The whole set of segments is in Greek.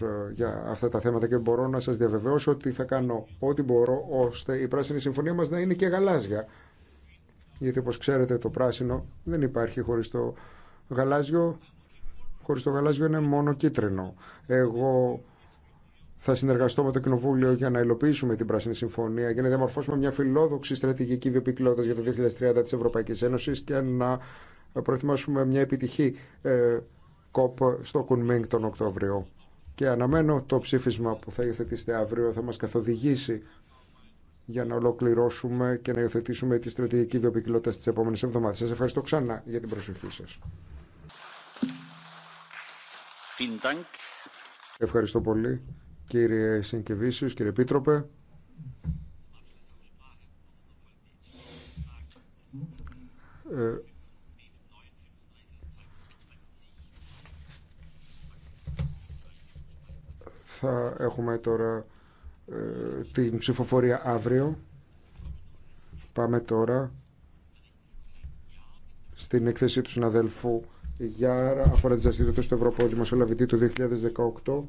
Ε, για αυτά τα θέματα και μπορώ να σας διαβεβαιώσω ότι θα κάνω ό,τι μπορώ ώστε η πράσινη συμφωνία μας να είναι και γαλάζια. Γιατί όπως ξέρετε το πράσινο δεν υπάρχει χωρίς το γαλάζιο. Χωρίς το γαλάζιο είναι μόνο κίτρινο. Εγώ θα συνεργαστώ με το Κοινοβούλιο για να υλοποιήσουμε την Πράσινη Συμφωνία, για να διαμορφώσουμε μια φιλόδοξη στρατηγική βιοπικλότητα για το 2030 τη Ευρωπαϊκή Ένωση και να προετοιμάσουμε μια επιτυχή ε, κοπ στο Κουνμίνγκ τον Οκτώβριο και αναμένω το ψήφισμα που θα υιοθετήσετε αύριο θα μας καθοδηγήσει για να ολοκληρώσουμε και να υιοθετήσουμε τη στρατηγική βιοποικιλότητα τη επόμενη εβδομάδες. Σα ευχαριστώ ξανά για την προσοχή σας. Ευχαριστώ πολύ κύριε Σινκεβίσιο, κύριε Επίτροπε. Ε, Θα έχουμε τώρα ε, την ψηφοφορία αύριο. Πάμε τώρα στην εκθέση του συναδέλφου για αφορά τις δραστηριότητες του Ευρωπαϊκού Δημοσιολαβητή του 2018.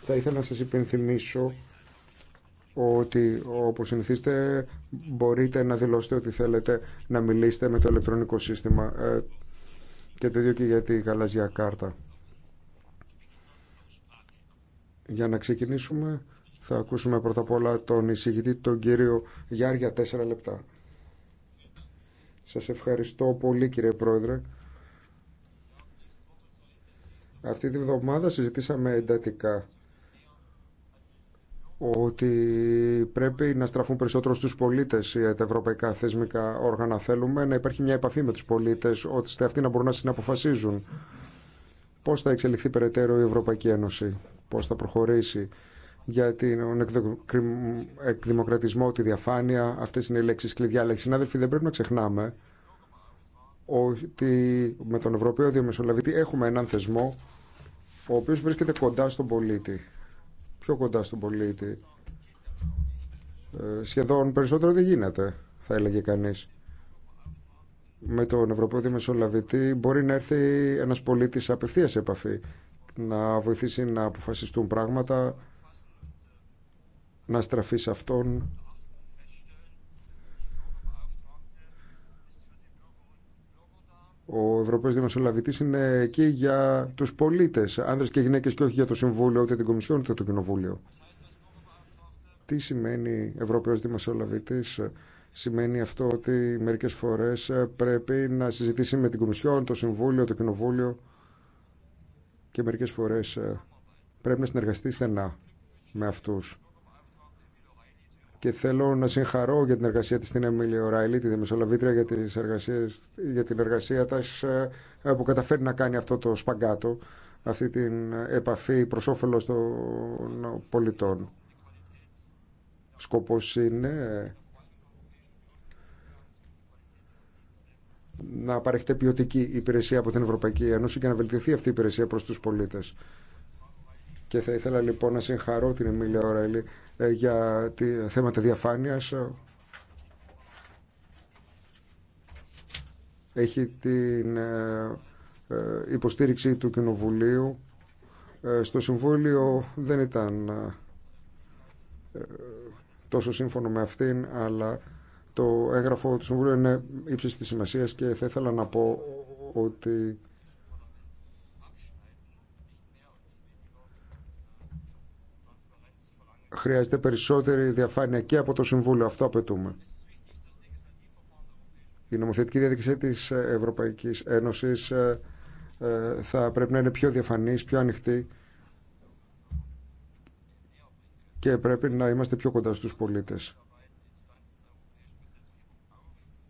Θα ήθελα να σας υπενθυμίσω ότι όπως συνηθίστε μπορείτε να δηλώσετε ότι θέλετε να μιλήσετε με το ηλεκτρονικό σύστημα ε, και το ίδιο και για τη γαλαζιά κάρτα. Για να ξεκινήσουμε θα ακούσουμε πρώτα απ' όλα τον εισηγητή, τον κύριο Γιάρια, τέσσερα λεπτά. Σας ευχαριστώ πολύ κύριε Πρόεδρε. Αυτή τη βδομάδα συζητήσαμε εντατικά ότι πρέπει να στραφούν περισσότερο στους πολίτες ε, τα ευρωπαϊκά θεσμικά όργανα. Θέλουμε να υπάρχει μια επαφή με τους πολίτες, ώστε αυτοί να μπορούν να συναποφασίζουν πώς θα εξελιχθεί περαιτέρω η Ευρωπαϊκή Ένωση πώς θα προχωρήσει για τον εκδημοκρατισμό, τη διαφάνεια. Αυτές είναι οι λέξεις κλειδιά. Αλλά συνάδελφοι δεν πρέπει να ξεχνάμε ότι με τον Ευρωπαίο Διαμεσολαβητή έχουμε έναν θεσμό ο οποίος βρίσκεται κοντά στον πολίτη. Πιο κοντά στον πολίτη. Ε, σχεδόν περισσότερο δεν γίνεται, θα έλεγε κανείς. Με τον Ευρωπαίο Διαμεσολαβητή μπορεί να έρθει ένας πολίτης απευθείας σε επαφή να βοηθήσει να αποφασιστούν πράγματα, να στραφεί σε αυτόν. Ο Ευρωπαίος Δημοσιολαβητής είναι εκεί για τους πολίτες, άνδρες και γυναίκες και όχι για το Συμβούλιο, ούτε την Κομισιόν, ούτε το Κοινοβούλιο. Τι σημαίνει Ευρωπαίος Δημοσιολαβητής, σημαίνει αυτό ότι μερικές φορές πρέπει να συζητήσει με την Κομισιόν, το Συμβούλιο, το Κοινοβούλιο, και μερικές φορές ε, πρέπει να συνεργαστεί στενά με αυτούς. Και θέλω να συγχαρώ για την εργασία της στην Εμίλια Ράιλι, τη Δημεσολαβήτρια, για, τις εργασίες, για την εργασία της ε, ε, που καταφέρει να κάνει αυτό το σπαγκάτο, αυτή την επαφή προς όφελος των πολιτών. Σκοπός είναι να παρέχεται ποιοτική υπηρεσία από την Ευρωπαϊκή Ένωση και να βελτιωθεί αυτή η υπηρεσία προς τους πολίτες. Και θα ήθελα λοιπόν να συγχαρώ την Εμίλια Ωραίλη ε, για θέματα διαφάνειας. Έχει την ε, ε, υποστήριξη του Κοινοβουλίου. Στο Συμβούλιο δεν ήταν τόσο σύμφωνο με αυτήν, αλλά το έγγραφο του Συμβουλίου είναι ύψη τη σημασίας και θα ήθελα να πω ότι χρειάζεται περισσότερη διαφάνεια και από το Συμβούλιο. Αυτό απαιτούμε. Η νομοθετική διαδικασία της Ευρωπαϊκής Ένωσης ε, ε, θα πρέπει να είναι πιο διαφανής, πιο ανοιχτή και πρέπει να είμαστε πιο κοντά στους πολίτες.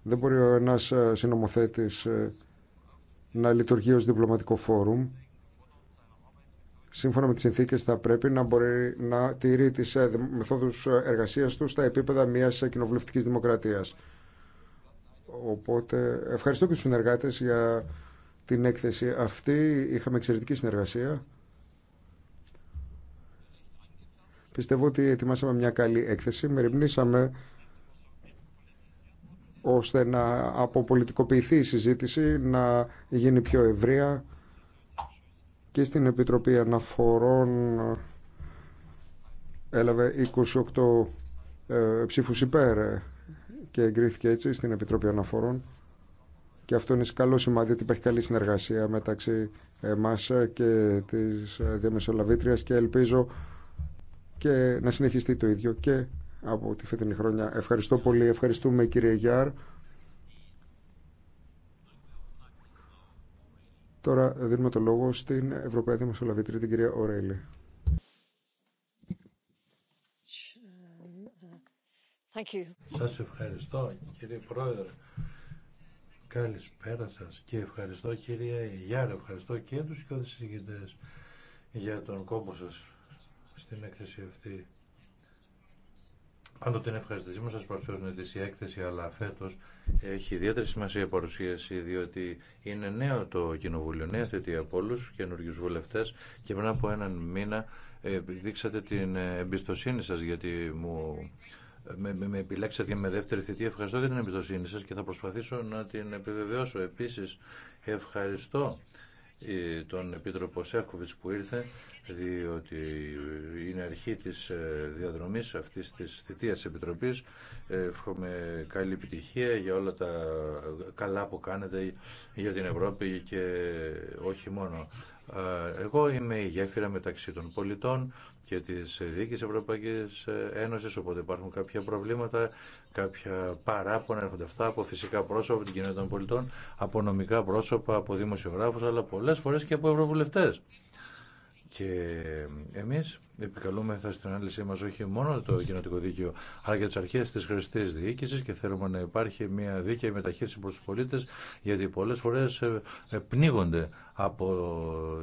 Δεν μπορεί ο ένας ε, συνομοθέτης ε, να λειτουργεί ως διπλωματικό φόρουμ. Σύμφωνα με τις συνθήκες θα πρέπει να μπορεί να τηρεί τις ε, μεθόδους εργασίας του στα επίπεδα μιας κοινοβουλευτικής δημοκρατίας. Οπότε ευχαριστώ και τους συνεργάτες για την έκθεση αυτή. Είχαμε εξαιρετική συνεργασία. Πιστεύω ότι ετοιμάσαμε μια καλή έκθεση. Μεριμνήσαμε ώστε να αποπολιτικοποιηθεί η συζήτηση, να γίνει πιο ευρεία και στην Επιτροπή Αναφορών ε, έλαβε 28 ε, υπέρ ε, και εγκρίθηκε έτσι στην Επιτροπή Αναφορών και αυτό είναι καλό σημάδι ότι υπάρχει καλή συνεργασία μεταξύ εμάς ε, και της διαμεσολαβήτριας και ελπίζω και να συνεχιστεί το ίδιο και από τη φετινή χρονιά. Ευχαριστώ πολύ. Ευχαριστούμε κύριε Γιάρ. Τώρα δίνουμε το λόγο στην Ευρωπαϊκή Δημοσιολαβήτρια, την κυρία Ορέλη. Σας ευχαριστώ κύριε Πρόεδρε. Καλησπέρα σας και ευχαριστώ κυρία Γιάρ. ευχαριστώ και τους και για τον κόπο σας στην έκθεση αυτή. Πάντοτε είναι ευχαριστησή σα προσφέρουν τη έκθεση, αλλά φέτο έχει ιδιαίτερη σημασία η παρουσίαση, διότι είναι νέο το Κοινοβούλιο, νέα θετή από όλου, καινούριου βουλευτέ και πριν από έναν μήνα ε, δείξατε την ε, εμπιστοσύνη σα, γιατί μου με, με, επιλέξατε και με δεύτερη θητεία. Ευχαριστώ για την εμπιστοσύνη σα και θα προσπαθήσω να την επιβεβαιώσω. Επίσης, ευχαριστώ τον Επίτροπο Σέχοβιτς που ήρθε διότι είναι αρχή της ε, διαδρομής αυτής της θητείας Επιτροπή. Επιτροπής. Εύχομαι καλή επιτυχία για όλα τα καλά που κάνετε για την Ευρώπη και όχι μόνο. Εγώ είμαι η γέφυρα μεταξύ των πολιτών και τη Δίκη Ευρωπαϊκή Ένωση, οπότε υπάρχουν κάποια προβλήματα, κάποια παράπονα έρχονται αυτά από φυσικά πρόσωπα, από την κοινότητα των πολιτών, από νομικά πρόσωπα, από δημοσιογράφου, αλλά πολλέ φορέ και από ευρωβουλευτές. Και εμεί επικαλούμεθα στην ανάλυση μας όχι μόνο το κοινοτικό δίκαιο, αλλά και τις αρχές της χρηστής διοίκησης και θέλουμε να υπάρχει μια δίκαιη μεταχείριση προς τους πολίτες, γιατί πολλές φορές ε, ε, πνίγονται από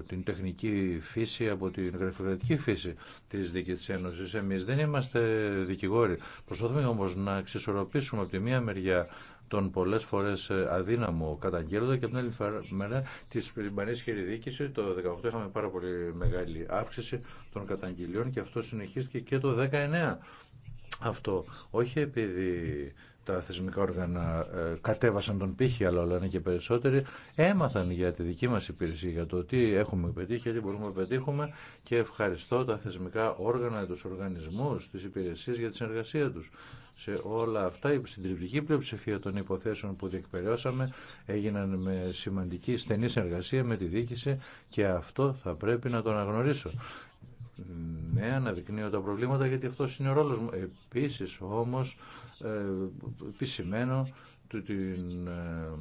την τεχνική φύση, από την γραφειοκρατική φύση της Δίκης Ένωσης. Εμείς δεν είμαστε δικηγόροι. Προσπαθούμε όμως να εξισορροπήσουμε από τη μία μεριά τον πολλέ φορέ ε, αδύναμο καταγγέλλοντα και από την άλλη μέρα τη περιμπανή χειριδίκηση. Το 2018 είχαμε πάρα πολύ μεγάλη αύξηση των καταγγελιών και αυτό συνεχίστηκε και το 2019. Αυτό όχι επειδή τα θεσμικά όργανα ε, κατέβασαν τον πύχη, αλλά όλα είναι και περισσότεροι, έμαθαν για τη δική μας υπηρεσία, για το τι έχουμε πετύχει, τι μπορούμε να πετύχουμε και ευχαριστώ τα θεσμικά όργανα, τους οργανισμούς, τις υπηρεσίες για τη συνεργασία τους. Σε όλα αυτά η συντριπτική πλειοψηφία των υποθέσεων που διεκπαιρεώσαμε έγιναν με σημαντική στενή συνεργασία με τη διοίκηση και αυτό θα πρέπει να τον αναγνωρίσω. Ναι, αναδεικνύω τα προβλήματα γιατί αυτό είναι ο ρόλος μου. Επίσης όμως ε, επισημένο την, ε,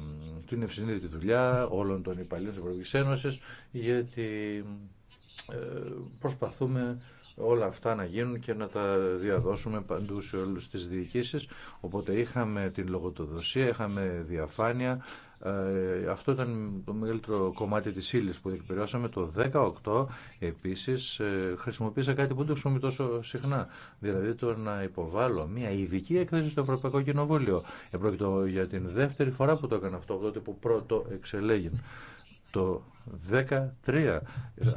την ευσυνείδητη δουλειά όλων των υπαλλήλων της Ευρωπαϊκής Ένωσης γιατί ε, προσπαθούμε όλα αυτά να γίνουν και να τα διαδώσουμε παντού σε όλους τις διοικήσεις. Οπότε είχαμε την λογοτοδοσία, είχαμε διαφάνεια, ε, αυτό ήταν το μεγαλύτερο κομμάτι της ύλη που εκπαιδεύσαμε. Το 18 επίσης ε, χρησιμοποίησα κάτι που δεν το τόσο συχνά. Δηλαδή το να υποβάλω μια ειδική έκθεση στο Ευρωπαϊκό Κοινοβούλιο. Επρόκειτο για την δεύτερη φορά που το έκανα αυτό, από τότε που πρώτο εξελέγην Το 13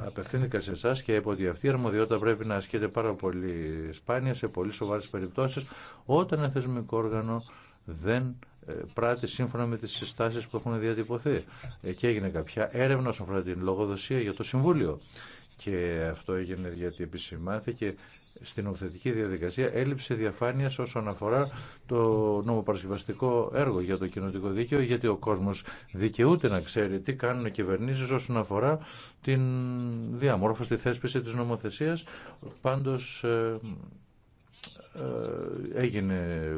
απευθύνθηκα σε εσά και είπα ότι αυτή η αρμοδιότητα πρέπει να ασκείται πάρα πολύ σπάνια σε πολύ σοβαρέ περιπτώσει, όταν ένα θεσμικό όργανο δεν ε, πράττει σύμφωνα με τις συστάσεις που έχουν διατυπωθεί. Και έγινε κάποια έρευνα όσον αφορά την λογοδοσία για το Συμβούλιο. Και αυτό έγινε γιατί επισημάθηκε στην νομοθετική διαδικασία έλλειψη διαφάνεια όσον αφορά το νομοπαρασκευαστικό έργο για το κοινοτικό δίκαιο, γιατί ο κόσμο δικαιούται να ξέρει τι κάνουν οι κυβερνήσει όσον αφορά την διαμόρφωση, τη θέσπιση τη νομοθεσία. Πάντω ε, ε, έγινε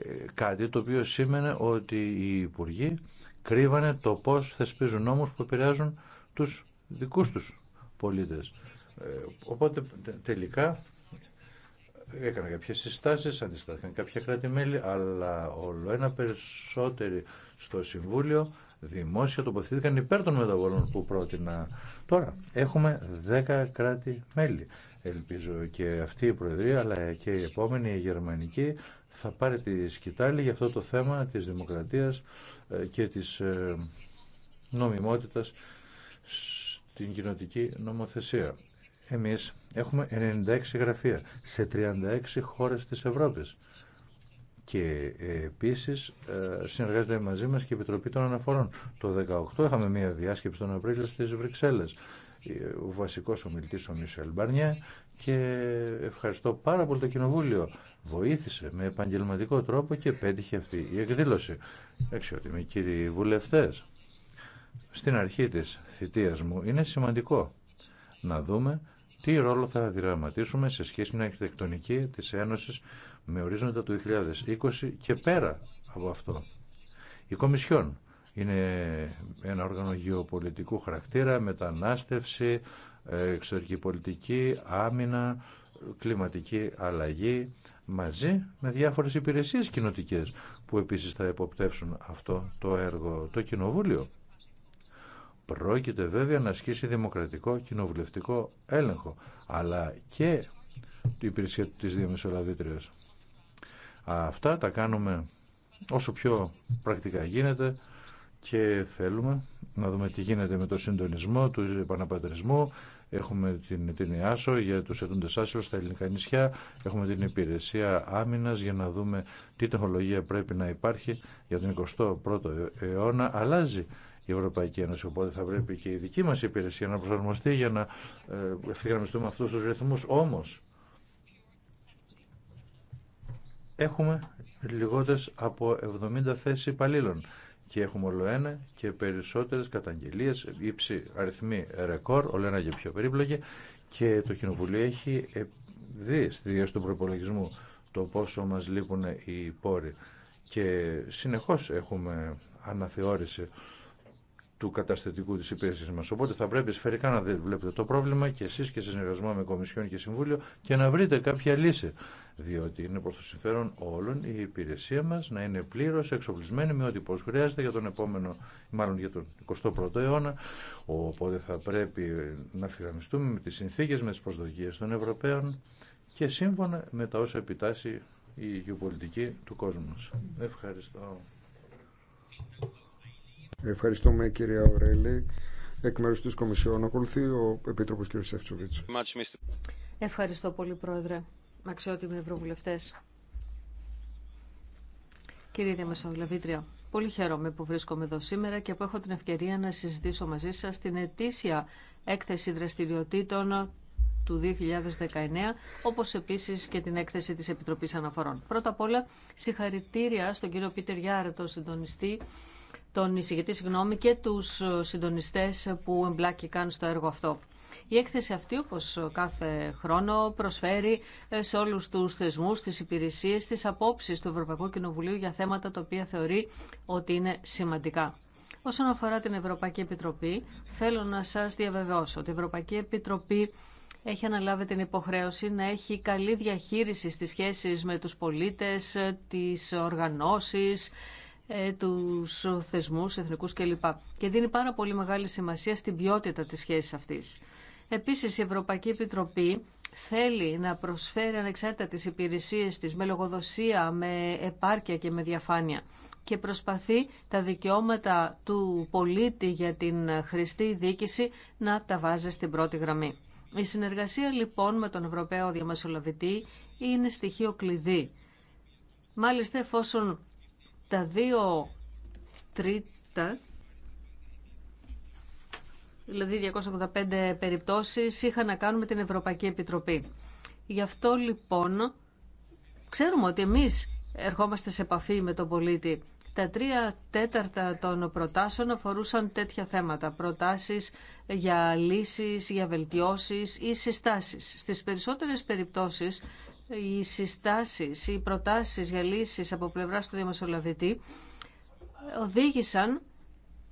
ε, κάτι το οποίο σήμαινε ότι οι υπουργοί κρύβανε το πώς θεσπίζουν νόμους που επηρεάζουν τους δικούς τους πολίτες. Ε, οπότε τελικά έκανα κάποιες συστάσεις, αντιστάθηκαν κάποια κράτη-μέλη, αλλά όλο ένα περισσότεροι στο Συμβούλιο δημόσια τοποθετήθηκαν υπέρ των μεταβολών που πρότεινα. Τώρα έχουμε 10 κράτη-μέλη. Ελπίζω και αυτή η Προεδρία, αλλά και η επόμενη η Γερμανική, θα πάρει τη σκητάλη για αυτό το θέμα της δημοκρατίας ε, και της ε, νομιμότητας στην κοινοτική νομοθεσία. Εμείς έχουμε 96 γραφεία σε 36 χώρες της Ευρώπης και ε, επίσης συνεργάζεται μαζί μας και η Επιτροπή των Αναφορών. Το 2018 είχαμε μια διάσκεψη τον Απρίλιο στις Βρυξέλλες. Ο βασικός ομιλητής ο Μισελ Μπαρνιέ και ευχαριστώ πάρα πολύ το Κοινοβούλιο βοήθησε με επαγγελματικό τρόπο και πέτυχε αυτή η εκδήλωση. με κύριοι βουλευτές, στην αρχή της θητείας μου είναι σημαντικό να δούμε τι ρόλο θα διαδραματίσουμε σε σχέση με την αρχιτεκτονική της Ένωσης με ορίζοντα το 2020 και πέρα από αυτό. Η Κομισιόν είναι ένα όργανο γεωπολιτικού χαρακτήρα, μετανάστευση, εξωτερική πολιτική, άμυνα, κλιματική αλλαγή, μαζί με διάφορες υπηρεσίες κοινοτικέ που επίσης θα εποπτεύσουν αυτό το έργο το Κοινοβούλιο. Πρόκειται βέβαια να ασκήσει δημοκρατικό κοινοβουλευτικό έλεγχο, αλλά και την υπηρεσία της Διαμεσολαβήτριας. Αυτά τα κάνουμε όσο πιο πρακτικά γίνεται και θέλουμε να δούμε τι γίνεται με το συντονισμό του επαναπατρισμού, έχουμε την, την ΕΑΣΟ για τους ετούντες άσυλο στα ελληνικά νησιά, έχουμε την υπηρεσία άμυνας για να δούμε τι τεχνολογία πρέπει να υπάρχει για τον 21ο αιώνα. Αλλάζει η Ευρωπαϊκή Ένωση, οπότε θα πρέπει και η δική μας υπηρεσία να προσαρμοστεί για να ε, ευθυγραμμιστούμε αυτούς τους ρυθμούς. Όμως, έχουμε λιγότερες από 70 θέσεις υπαλλήλων και έχουμε όλο ένα και περισσότερες καταγγελίες, ύψη, αριθμή ρεκόρ, όλο ένα και πιο περίπλοκη και το Κοινοβουλίο έχει δει στη διάρκεια του προπολογισμού το πόσο μας λείπουν οι πόροι και συνεχώς έχουμε αναθεώρηση του καταστατικού τη Υπηρεσία μας. Οπότε θα πρέπει σφαιρικά να βλέπετε το πρόβλημα και εσείς και σε συνεργασμό με Κομισιόν και Συμβούλιο και να βρείτε κάποια λύση. Διότι είναι προς το συμφέρον όλων η υπηρεσία μας να είναι πλήρως εξοπλισμένη με ό,τι πώς χρειάζεται για τον επόμενο, μάλλον για τον 21ο αιώνα. Οπότε θα πρέπει να φυγαμιστούμε με τις συνθήκες, με τι προσδοκίε των Ευρωπαίων και σύμφωνα με τα όσα επιτάσσει η γεωπολιτική του κόσμου μας. Ευχαριστώ. Ευχαριστούμε κύριε Ορέλη. Εκ μέρους της Κομισιόν ακολουθεί ο Επίτροπος κ. Σεφτσοβίτς. Ευχαριστώ πολύ Πρόεδρε, αξιότιμοι ευρωβουλευτές. Κύριε Διαμεσολαβήτρια, πολύ χαίρομαι που βρίσκομαι εδώ σήμερα και που έχω την ευκαιρία να συζητήσω μαζί σας την ετήσια έκθεση δραστηριοτήτων του 2019, όπως επίσης και την έκθεση της Επιτροπής Αναφορών. Πρώτα απ' όλα, συγχαρητήρια στον κύριο Πίτερ Γιάρε, συντονιστή τον εισηγητή συγγνώμη και τους συντονιστές που εμπλάκηκαν στο έργο αυτό. Η έκθεση αυτή, όπως κάθε χρόνο, προσφέρει ε, σε όλους τους θεσμούς, τις υπηρεσίες, τις απόψεις του Ευρωπαϊκού Κοινοβουλίου για θέματα τα οποία θεωρεί ότι είναι σημαντικά. Όσον αφορά την Ευρωπαϊκή Επιτροπή, θέλω να σας διαβεβαιώσω ότι η Ευρωπαϊκή Επιτροπή έχει αναλάβει την υποχρέωση να έχει καλή διαχείριση στις σχέσεις με τους πολίτες, ε, τις οργανώσεις, ε, τους θεσμούς εθνικούς κλπ. Και δίνει πάρα πολύ μεγάλη σημασία στην ποιότητα της σχέσης αυτής. Επίσης η Ευρωπαϊκή Επιτροπή θέλει να προσφέρει ανεξάρτητα τις υπηρεσίες της με λογοδοσία, με επάρκεια και με διαφάνεια και προσπαθεί τα δικαιώματα του πολίτη για την χρηστή δίκηση να τα βάζει στην πρώτη γραμμή. Η συνεργασία λοιπόν με τον Ευρωπαίο Διαμεσολαβητή είναι στοιχείο κλειδί. Μάλιστα εφόσον τα δύο τρίτα, δηλαδή 285 περιπτώσεις, είχαν να κάνουν με την Ευρωπαϊκή Επιτροπή. Γι' αυτό λοιπόν ξέρουμε ότι εμείς ερχόμαστε σε επαφή με τον πολίτη. Τα τρία τέταρτα των προτάσεων αφορούσαν τέτοια θέματα. Προτάσεις για λύσεις, για βελτιώσεις ή συστάσεις. Στις περισσότερες περιπτώσεις οι συστάσεις, οι προτάσεις για λύσεις από πλευράς του Διαμεσολαβητή οδήγησαν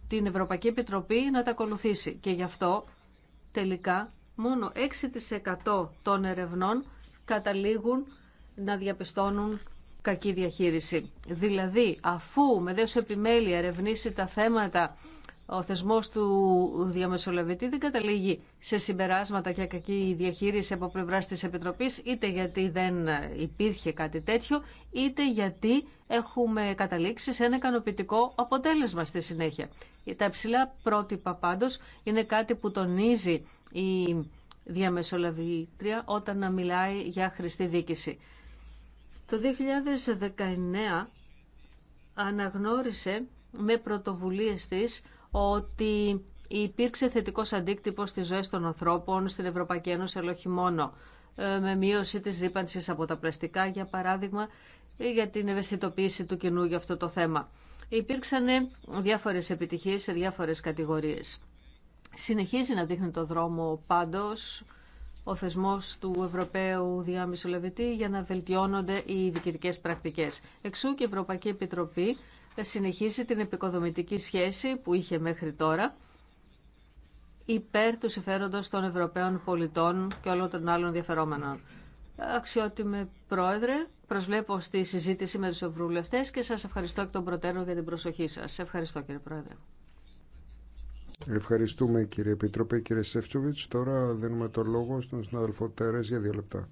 την Ευρωπαϊκή Επιτροπή να τα ακολουθήσει. Και γι' αυτό τελικά μόνο 6% των ερευνών καταλήγουν να διαπιστώνουν κακή διαχείριση. Δηλαδή, αφού με δέος επιμέλεια ερευνήσει τα θέματα ο θεσμός του διαμεσολαβητή δεν καταλήγει σε συμπεράσματα και κακή διαχείριση από πλευρά της Επιτροπής, είτε γιατί δεν υπήρχε κάτι τέτοιο, είτε γιατί έχουμε καταλήξει σε ένα ικανοποιητικό αποτέλεσμα στη συνέχεια. Τα υψηλά πρότυπα πάντως είναι κάτι που τονίζει η διαμεσολαβήτρια όταν να μιλάει για χρηστή δίκηση. Το 2019 αναγνώρισε με πρωτοβουλίες της ότι υπήρξε θετικός αντίκτυπος στις ζωές των ανθρώπων στην Ευρωπαϊκή Ένωση, αλλά όχι μόνο ε, με μείωση της ρήπανσης από τα πλαστικά, για παράδειγμα, για την ευαισθητοποίηση του κοινού για αυτό το θέμα. Υπήρξαν ε, διάφορες επιτυχίες σε διάφορες κατηγορίες. Συνεχίζει να δείχνει το δρόμο πάντως ο θεσμός του Ευρωπαίου Λεβητή για να βελτιώνονται οι διοικητικές πρακτικές. Εξού και η Ευρωπαϊκή Επιτροπή συνεχίσει την επικοδομητική σχέση που είχε μέχρι τώρα υπέρ του συμφέροντος των Ευρωπαίων πολιτών και όλων των άλλων ενδιαφερόμενων. Αξιότιμε Πρόεδρε, προσβλέπω στη συζήτηση με τους ευρωβουλευτές και σας ευχαριστώ και τον προτέρων για την προσοχή σας. Ευχαριστώ κύριε Πρόεδρε. Ευχαριστούμε κύριε Επιτροπέ, κύριε Σεφτσοβιτς. Τώρα δίνουμε το λόγο στον συνάδελφο Τέρες για δύο λεπτά.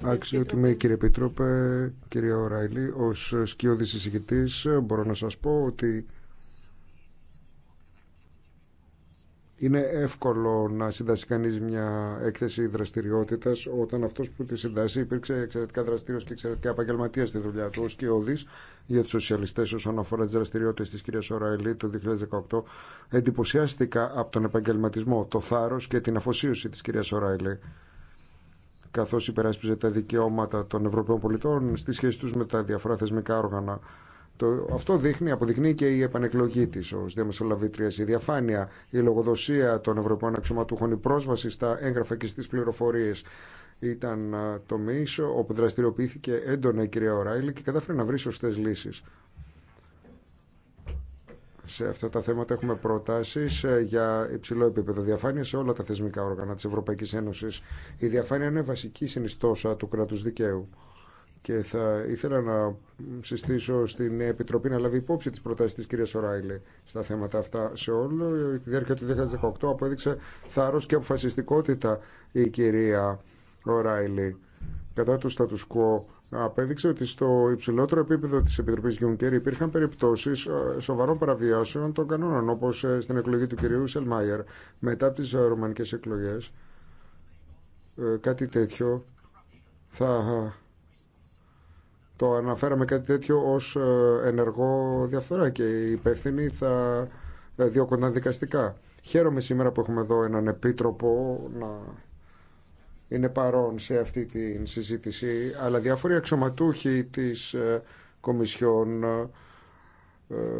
Αξιότιμε κύριε Πίτροπε, κύριε Ωράιλη, ως σκιώδης συζητητή, μπορώ να σας πω ότι Είναι εύκολο να συντάσει κανεί μια έκθεση δραστηριότητα όταν αυτό που τη συντάσει υπήρξε εξαιρετικά δραστήριο και εξαιρετικά επαγγελματία στη δουλειά του. Ο Σκιώδη για του σοσιαλιστέ όσον αφορά τι δραστηριότητε τη κυρία Σοραϊλή το 2018 εντυπωσιάστηκα από τον επαγγελματισμό, το θάρρο και την αφοσίωση τη κυρία Οραελή καθώς υπεράσπιζε τα δικαιώματα των Ευρωπαίων πολιτών στη σχέση τους με τα διαφορά θεσμικά όργανα. Το, αυτό δείχνει, αποδεικνύει και η επανεκλογή τη ω διαμεσολαβήτρια. Η διαφάνεια, η λογοδοσία των Ευρωπαίων αξιωματούχων, η πρόσβαση στα έγγραφα και στι πληροφορίε ήταν το μίσο, όπου δραστηριοποιήθηκε έντονα η κυρία Οράιλη και κατάφερε να βρει σωστέ λύσει. Σε αυτά τα θέματα έχουμε προτάσει ε, για υψηλό επίπεδο διαφάνεια σε όλα τα θεσμικά όργανα τη Ευρωπαϊκή Ένωση. Η διαφάνεια είναι βασική συνιστόσα του κράτου δικαίου και θα ήθελα να συστήσω στην Επιτροπή να λάβει υπόψη τις προτάσεις της κυρίας Οράιλη στα θέματα αυτά σε όλο. Τη διάρκεια του 2018 απέδειξε θάρρος και αποφασιστικότητα η κυρία Οράιλη κατά του status quo απέδειξε ότι στο υψηλότερο επίπεδο της Επιτροπής Γιουνκέρ υπήρχαν περιπτώσεις ε, σοβαρών παραβιάσεων των κανόνων όπως ε, στην εκλογή του κυρίου Σελμάιερ μετά από τις ε, ρουμανικές εκλογές κάτι τέτοιο θα το αναφέραμε κάτι τέτοιο ως ε, ενεργό διαφθορά και οι υπεύθυνοι θα ε, διώκονταν δικαστικά. Χαίρομαι σήμερα που έχουμε εδώ έναν επίτροπο να είναι παρόν σε αυτή τη συζήτηση, αλλά διάφοροι αξιωματούχοι της ε, Κομισιόν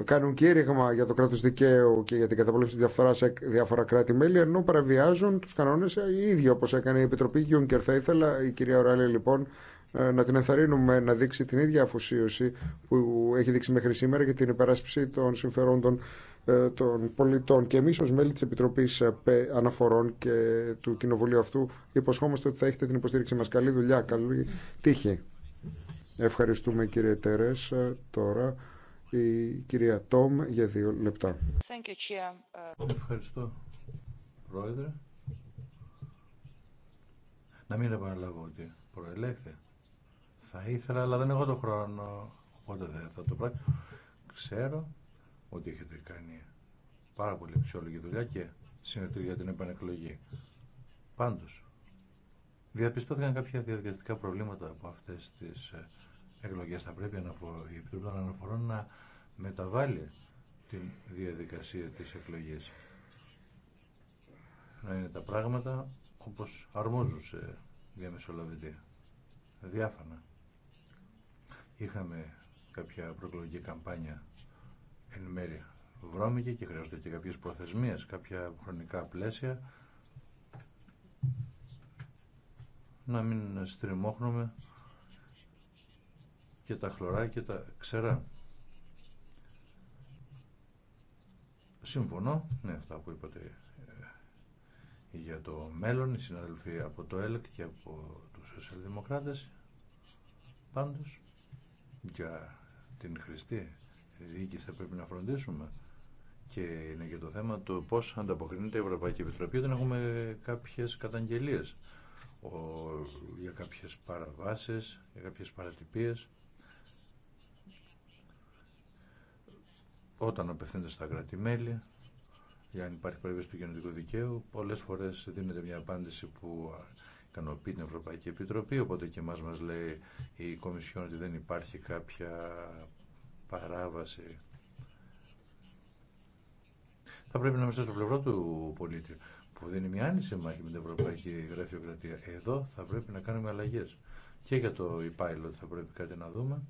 κάνουν κήρυγμα για το κράτος δικαίου και για την καταπολέμηση της διαφθοράς σε διάφορα κράτη-μέλη, ενώ παραβιάζουν τους κανόνες οι ίδιοι, όπως έκανε η Επιτροπή Γιούνκερ. Θα ήθελα η κυρία Οράλη λοιπόν ε, να την ενθαρρύνουμε να δείξει την ίδια αφοσίωση που έχει δείξει μέχρι σήμερα για την υπεράσπιση των συμφερόντων ε, των πολιτών. Και εμείς ως μέλη της Επιτροπής ε, Αναφορών και του Κοινοβουλίου αυτού υποσχόμαστε ότι θα έχετε την υποστήριξη μας. Καλή δουλειά, καλή τύχη. Ευχαριστούμε κύριε Τερέσα. Τώρα η κυρία Τόμ για δύο λεπτά. Ευχαριστώ, Πρόεδρε. Να μην επαναλάβω ότι προελέχθη θα ήθελα, αλλά δεν έχω το χρόνο, οπότε δεν θα το πράξω. Ξέρω ότι έχετε κάνει πάρα πολύ αξιόλογη δουλειά και συνετήρια την επανεκλογή. πάντω. διαπιστώθηκαν κάποια διαδικαστικά προβλήματα από αυτές τι ε, εκλογέ. Θα πρέπει η Επιτροπή των Αναφορών να μεταβάλει την διαδικασία της εκλογής. Να είναι τα πράγματα όπως αρμόζουν σε διαμεσολαβητή. Διάφανα. Είχαμε κάποια προεκλογική καμπάνια εν μέρη βρώμικη και χρειάζονται και κάποιες προθεσμίες, κάποια χρονικά πλαίσια. Να μην στριμώχνουμε και τα χλωρά και τα ξερά. Συμφωνώ με αυτά που είπατε ε, για το μέλλον, οι συναδελφοί από το ΕΛΚ και από τους σοσιαλδημοκράτες. Πάντως, για την χρηστή διοίκηση θα πρέπει να φροντίσουμε. Και είναι και το θέμα το πώς ανταποκρίνεται η Ευρωπαϊκή Επιτροπή όταν έχουμε κάποιες καταγγελίες για κάποιες παραβάσεις, για κάποιες παρατυπίες. Όταν απευθύνεται στα κράτη-μέλη, για αν υπάρχει παρέμβαση του κοινωνικού δικαίου, πολλές φορές δίνεται μια απάντηση που ικανοποιεί την Ευρωπαϊκή Επιτροπή, οπότε και εμάς μας λέει η Κομισιόν ότι δεν υπάρχει κάποια παράβαση. Θα πρέπει να είμαστε στο πλευρό του πολίτη που δίνει μια ανήση μάχη με την Ευρωπαϊκή Γραφειοκρατία. Εδώ θα πρέπει να κάνουμε αλλαγές. Και για το e-pilot θα πρέπει κάτι να δούμε.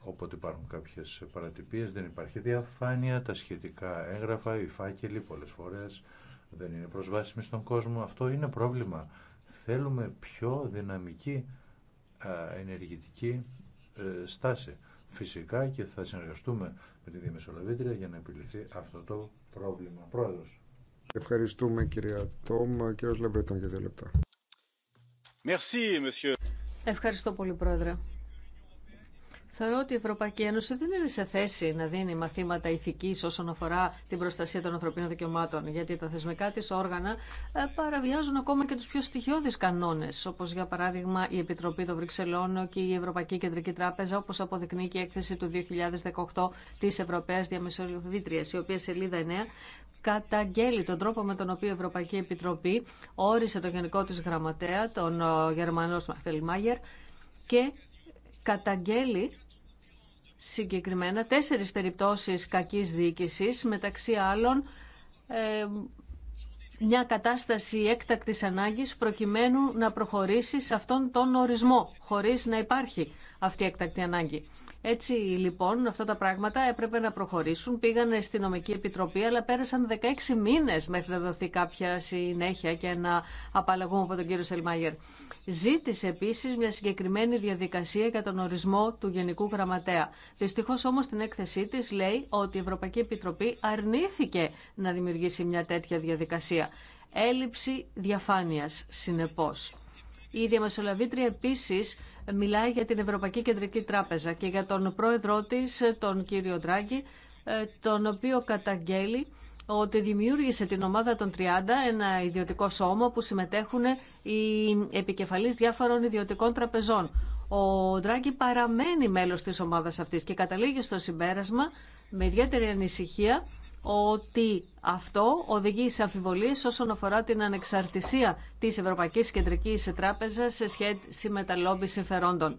Οπότε υπάρχουν κάποιε παρατυπίε, δεν υπάρχει διαφάνεια, τα σχετικά έγγραφα, οι φάκελοι πολλέ φορέ. δεν είναι προσβάσιμοι στον κόσμο. Αυτό είναι πρόβλημα. Θέλουμε πιο δυναμική ενεργητική ε, στάση. Φυσικά και θα συνεργαστούμε με τη Δημεσολαβήτρια για να επιληθεί αυτό το πρόβλημα. Πρόεδρος. Ευχαριστούμε κυρία Τόμ. Κύριος Λεμπρετών για δύο λεπτά. Merci, monsieur. Ευχαριστώ πολύ πρόεδρε. Θεωρώ ότι η Ευρωπαϊκή Ένωση δεν είναι σε θέση να δίνει μαθήματα ηθικής όσον αφορά την προστασία των ανθρωπίνων δικαιωμάτων, γιατί τα θεσμικά τη όργανα ε, παραβιάζουν ακόμα και του πιο στοιχειώδεις κανόνε, όπω για παράδειγμα η Επιτροπή των Βρυξελών και η Ευρωπαϊκή Κεντρική Τράπεζα, όπω αποδεικνύει και η έκθεση του 2018 τη Ευρωπαίας Διαμεσολαβήτριας, η οποία σελίδα 9 καταγγέλει τον τρόπο με τον οποίο η Ευρωπαϊκή Επιτροπή όρισε τον γενικό της γραμματέα, τον ε, Γερμανό Μαχτελμάγερ, και καταγγέλει συγκεκριμένα τέσσερις περιπτώσεις κακής διοίκησης, μεταξύ άλλων ε, μια κατάσταση έκτακτης ανάγκης προκειμένου να προχωρήσει σε αυτόν τον ορισμό, χωρίς να υπάρχει αυτή η έκτακτη ανάγκη. Έτσι λοιπόν αυτά τα πράγματα έπρεπε να προχωρήσουν, Πήγαν στην νομική επιτροπή, αλλά πέρασαν 16 μήνες μέχρι να δοθεί κάποια συνέχεια και να απαλλαγούμε από τον κύριο Σελμάγερ. Ζήτησε επίσης μια συγκεκριμένη διαδικασία για τον ορισμό του Γενικού Γραμματέα. Δυστυχώ όμως στην έκθεσή της λέει ότι η Ευρωπαϊκή Επιτροπή αρνήθηκε να δημιουργήσει μια τέτοια διαδικασία. Έλλειψη διαφάνειας, συνεπώς. Η διαμεσολαβήτρια επίσης μιλάει για την Ευρωπαϊκή Κεντρική Τράπεζα και για τον πρόεδρό της, τον κύριο Ντράγκη, ε, τον οποίο καταγγέλει ότι δημιούργησε την ομάδα των 30, ένα ιδιωτικό σώμα που συμμετέχουν οι επικεφαλείς διάφορων ιδιωτικών τραπεζών. Ο Ντράγκη παραμένει μέλος της ομάδας αυτής και καταλήγει στο συμπέρασμα με ιδιαίτερη ανησυχία ότι αυτό οδηγεί σε αμφιβολίες όσον αφορά την ανεξαρτησία της Ευρωπαϊκής Κεντρικής Τράπεζας σε σχέση με τα λόμπι συμφερόντων.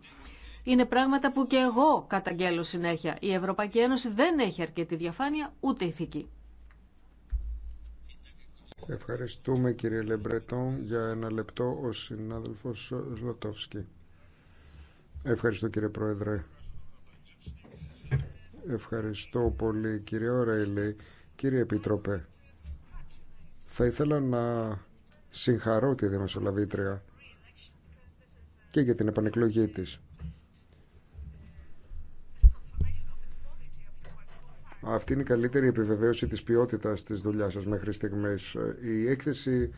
Είναι πράγματα που και εγώ καταγγέλω συνέχεια. Η Ευρωπαϊκή Ένωση δεν έχει αρκετή διαφάνεια ούτε ηθική. Ευχαριστούμε κύριε Λεμπρετόν για ένα λεπτό ο συνάδελφος Λοτόφσκι. Ευχαριστώ κύριε Πρόεδρε. Ευχαριστώ πολύ κύριε Ωραίλη. Κύριε Επίτροπε, θα ήθελα να συγχαρώ τη Δημοσολαβήτρια και για την επανεκλογή της. Αυτή είναι η καλύτερη επιβεβαίωση της ποιότητας της δουλειάς σας μέχρι στιγμής. Η έκθεση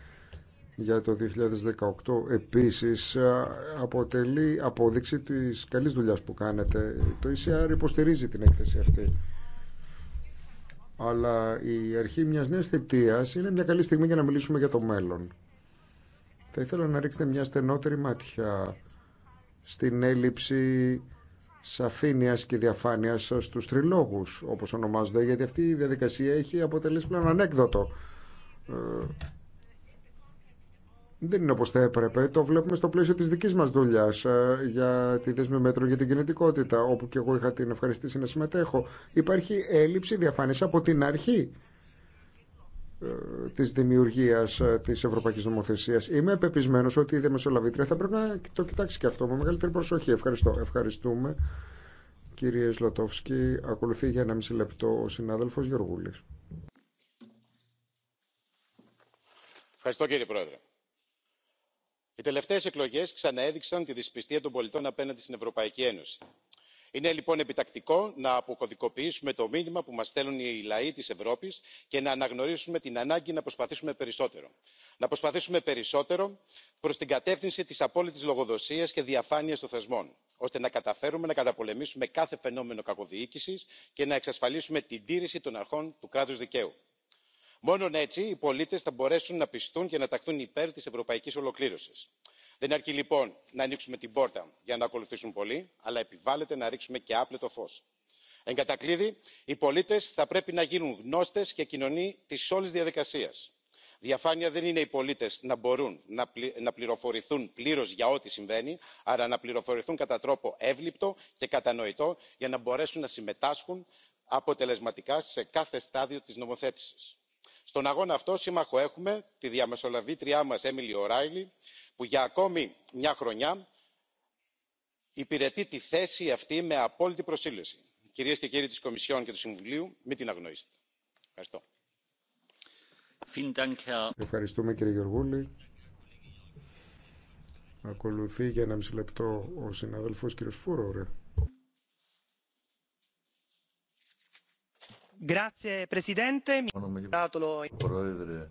για το 2018 επίσης ε, αποτελεί απόδειξη της καλής δουλειάς που κάνετε. Το ECR υποστηρίζει την έκθεση αυτή. Αλλά η αρχή μιας νέας θητείας είναι μια καλή στιγμή για να μιλήσουμε για το μέλλον. Θα ήθελα να ρίξετε μια στενότερη μάτια στην έλλειψη σαφήνειας και διαφάνειας στου τριλόγους όπως ονομάζονται γιατί αυτή η διαδικασία έχει αποτελέσει πλέον ανέκδοτο ε, δεν είναι όπω θα έπρεπε το βλέπουμε στο πλαίσιο τη δικής μας δουλειά. Ε, για τη δέσμη μέτρων για την κινητικότητα όπου και εγώ είχα την ευχαριστήση να συμμετέχω υπάρχει έλλειψη διαφάνεια από την αρχή ε, της δημιουργίας ε, της Ευρωπαϊκής Νομοθεσίας. Είμαι πεπισμένος ότι η Δημοσιολαβήτρια θα πρέπει να το κοιτάξει και αυτό με μεγαλύτερη προσοχή. Ευχαριστώ. Ευχαριστούμε. Κύριε Σλοτόφσκι, ακολουθεί για ένα μισή λεπτό ο συνάδελφος Γεωργούλης. Ευχαριστώ κύριε Πρόεδρε. Οι τελευταίες εκλογές ξαναέδειξαν τη δυσπιστία των πολιτών απέναντι στην Ευρωπαϊκή Ένωση είναι λοιπόν επιτακτικό να αποκωδικοποιήσουμε το μήνυμα που μα στέλνουν οι λαοί τη ευρώπη και να αναγνωρίσουμε την ανάγκη να προσπαθήσουμε περισσότερο να προσπαθήσουμε περισσότερο προ την κατεύθυνση τη απόλυτη λογοδοσία και διαφάνεια των θεσμών ώστε να καταφέρουμε να καταπολεμήσουμε κάθε φαινόμενο κακοδιοίκηση και να εξασφαλίσουμε την τήρηση των αρχών του κράτου δικαίου. μόνον έτσι οι πολίτε θα μπορέσουν να πιστούν και να ταχθούν υπέρ τη ευρωπαϊκή ολοκλήρωση δεν αρκεί λοιπόν να ανοίξουμε την πόρτα για να ακολουθήσουν πολλοί αλλά επιβάλλεται να ρίξουμε και άπλετο φω. εν κατακλείδη οι πολίτε θα πρέπει να γίνουν γνώστε και κοινωνοί τη όλη διαδικασία. διαφάνεια δεν είναι οι πολίτε να μπορούν να πληροφορηθούν πλήρω για ό,τι συμβαίνει αλλά να πληροφορηθούν κατά τρόπο εύληπτο και κατανοητό για να μπορέσουν να συμμετάσχουν αποτελεσματικά σε κάθε στάδιο τη νομοθέτηση. στον αγώνα αυτό σύμμαχο έχουμε τη διαμεσολαβήτριά μα Έμιλι o'reilly που για ακόμη μια χρονιά υπηρετεί τη θέση αυτή με απόλυτη προσήλωση. Κυρίες και κύριοι της Κομισιόν και του Συμβουλίου, μην την αγνοήσετε. Ευχαριστώ. Ευχαριστούμε κύριε Γεωργούλη. Ακολουθεί για ένα μισή λεπτό ο συνάδελφος κύριος Φούρορε. Grazie Presidente. Πρόεδρε,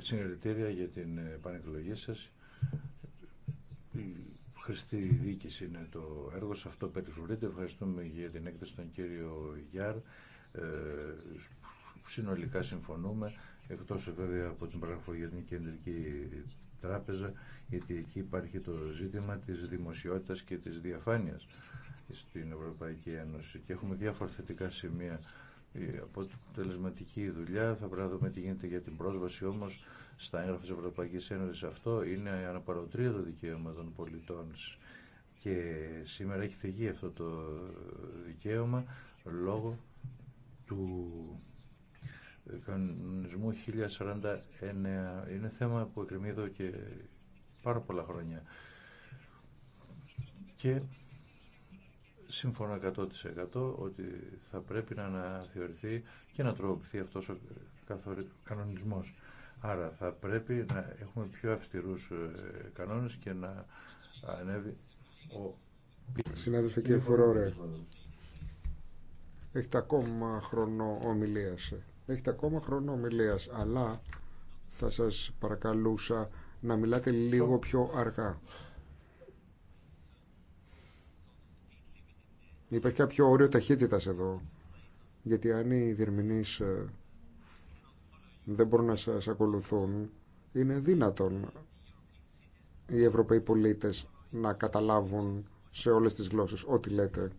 συγχαρητήρια για την επανεκλογή σας. Η χρηστή διοίκηση είναι το έργο σε αυτό περιφρονείται Ευχαριστούμε για την έκθεση τον κύριο Γιάρ. Ε, συνολικά συμφωνούμε, εκτός ε, βέβαια από την παραγωγή για την κεντρική τράπεζα, γιατί εκεί υπάρχει το ζήτημα της δημοσιότητας και της διαφάνειας στην Ευρωπαϊκή Ένωση και έχουμε διάφορα θετικά σημεία από αποτελεσματική δουλειά. Θα πρέπει να δούμε τι γίνεται για την πρόσβαση όμω στα έγγραφα τη Ευρωπαϊκή Ένωση. Αυτό είναι αναπαροτρία το δικαίωμα των πολιτών. Και σήμερα έχει θεγεί αυτό το δικαίωμα λόγω του κανονισμού 1049. Είναι θέμα που εκκρεμεί εδώ και πάρα πολλά χρόνια. Και Σύμφωνα 100% ότι θα πρέπει να αναθεωρηθεί και να τροποποιηθεί αυτός ο κανονισμός. Άρα θα πρέπει να έχουμε πιο αυστηρούς ε, κανόνες και να ανέβει ο... Συνάδελφε κύριε φορόρε, έχετε ακόμα χρόνο ομιλίας. Έχετε ακόμα χρόνο ομιλίας, αλλά θα σας παρακαλούσα να μιλάτε λίγο πιο αργά. Υπάρχει κάποιο όριο ταχύτητα εδώ, γιατί αν οι διερμηνείς ε, δεν μπορούν να σας ακολουθούν, είναι δυνατόν οι Ευρωπαίοι πολίτες να καταλάβουν σε όλες τις γλώσσες ό,τι λέτε.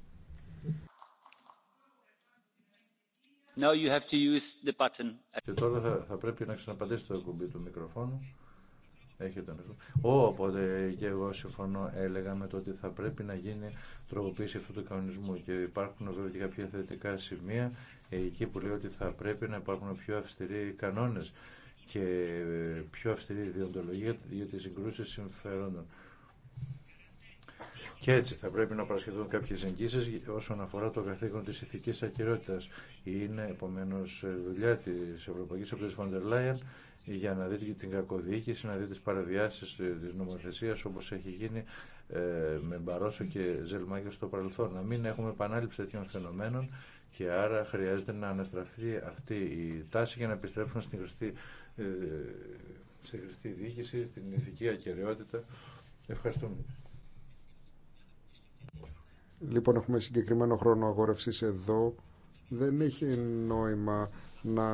you have to use the button. Και τώρα θα, πρέπει να ξαναπατήσετε το κουμπί του μικροφόνου οπότε και εγώ συμφωνώ, έλεγα με το ότι θα πρέπει να γίνει τροποποίηση αυτού του κανονισμού και υπάρχουν βέβαια και κάποια θετικά σημεία εκεί που λέει ότι θα πρέπει να υπάρχουν πιο αυστηροί κανόνε και πιο αυστηρή διοντολογία για τι συγκρούσει συμφερόντων. Και έτσι θα πρέπει να παρασχεθούν κάποιε εγγύσει όσον αφορά το καθήκον τη ηθική ακυρότητα. Είναι επομένω δουλειά τη Ευρωπαϊκή Επιτροπή Φοντερ Λάιεν για να δείτε την κακοδιοίκηση, να δείτε τις παραβιάσεις ε, της νομοθεσίας όπως έχει γίνει ε, με Μπαρόσο και Ζελμάκη στο παρελθόν. Να μην έχουμε επανάληψη τέτοιων φαινομένων και άρα χρειάζεται να αναστραφεί αυτή η τάση για να επιστρέψουμε στην χρηστή, ε, στη χρηστή διοίκηση, την ηθική ακαιρεότητα. Ευχαριστούμε. Λοιπόν, έχουμε συγκεκριμένο χρόνο αγόρευσης εδώ. Δεν έχει νόημα να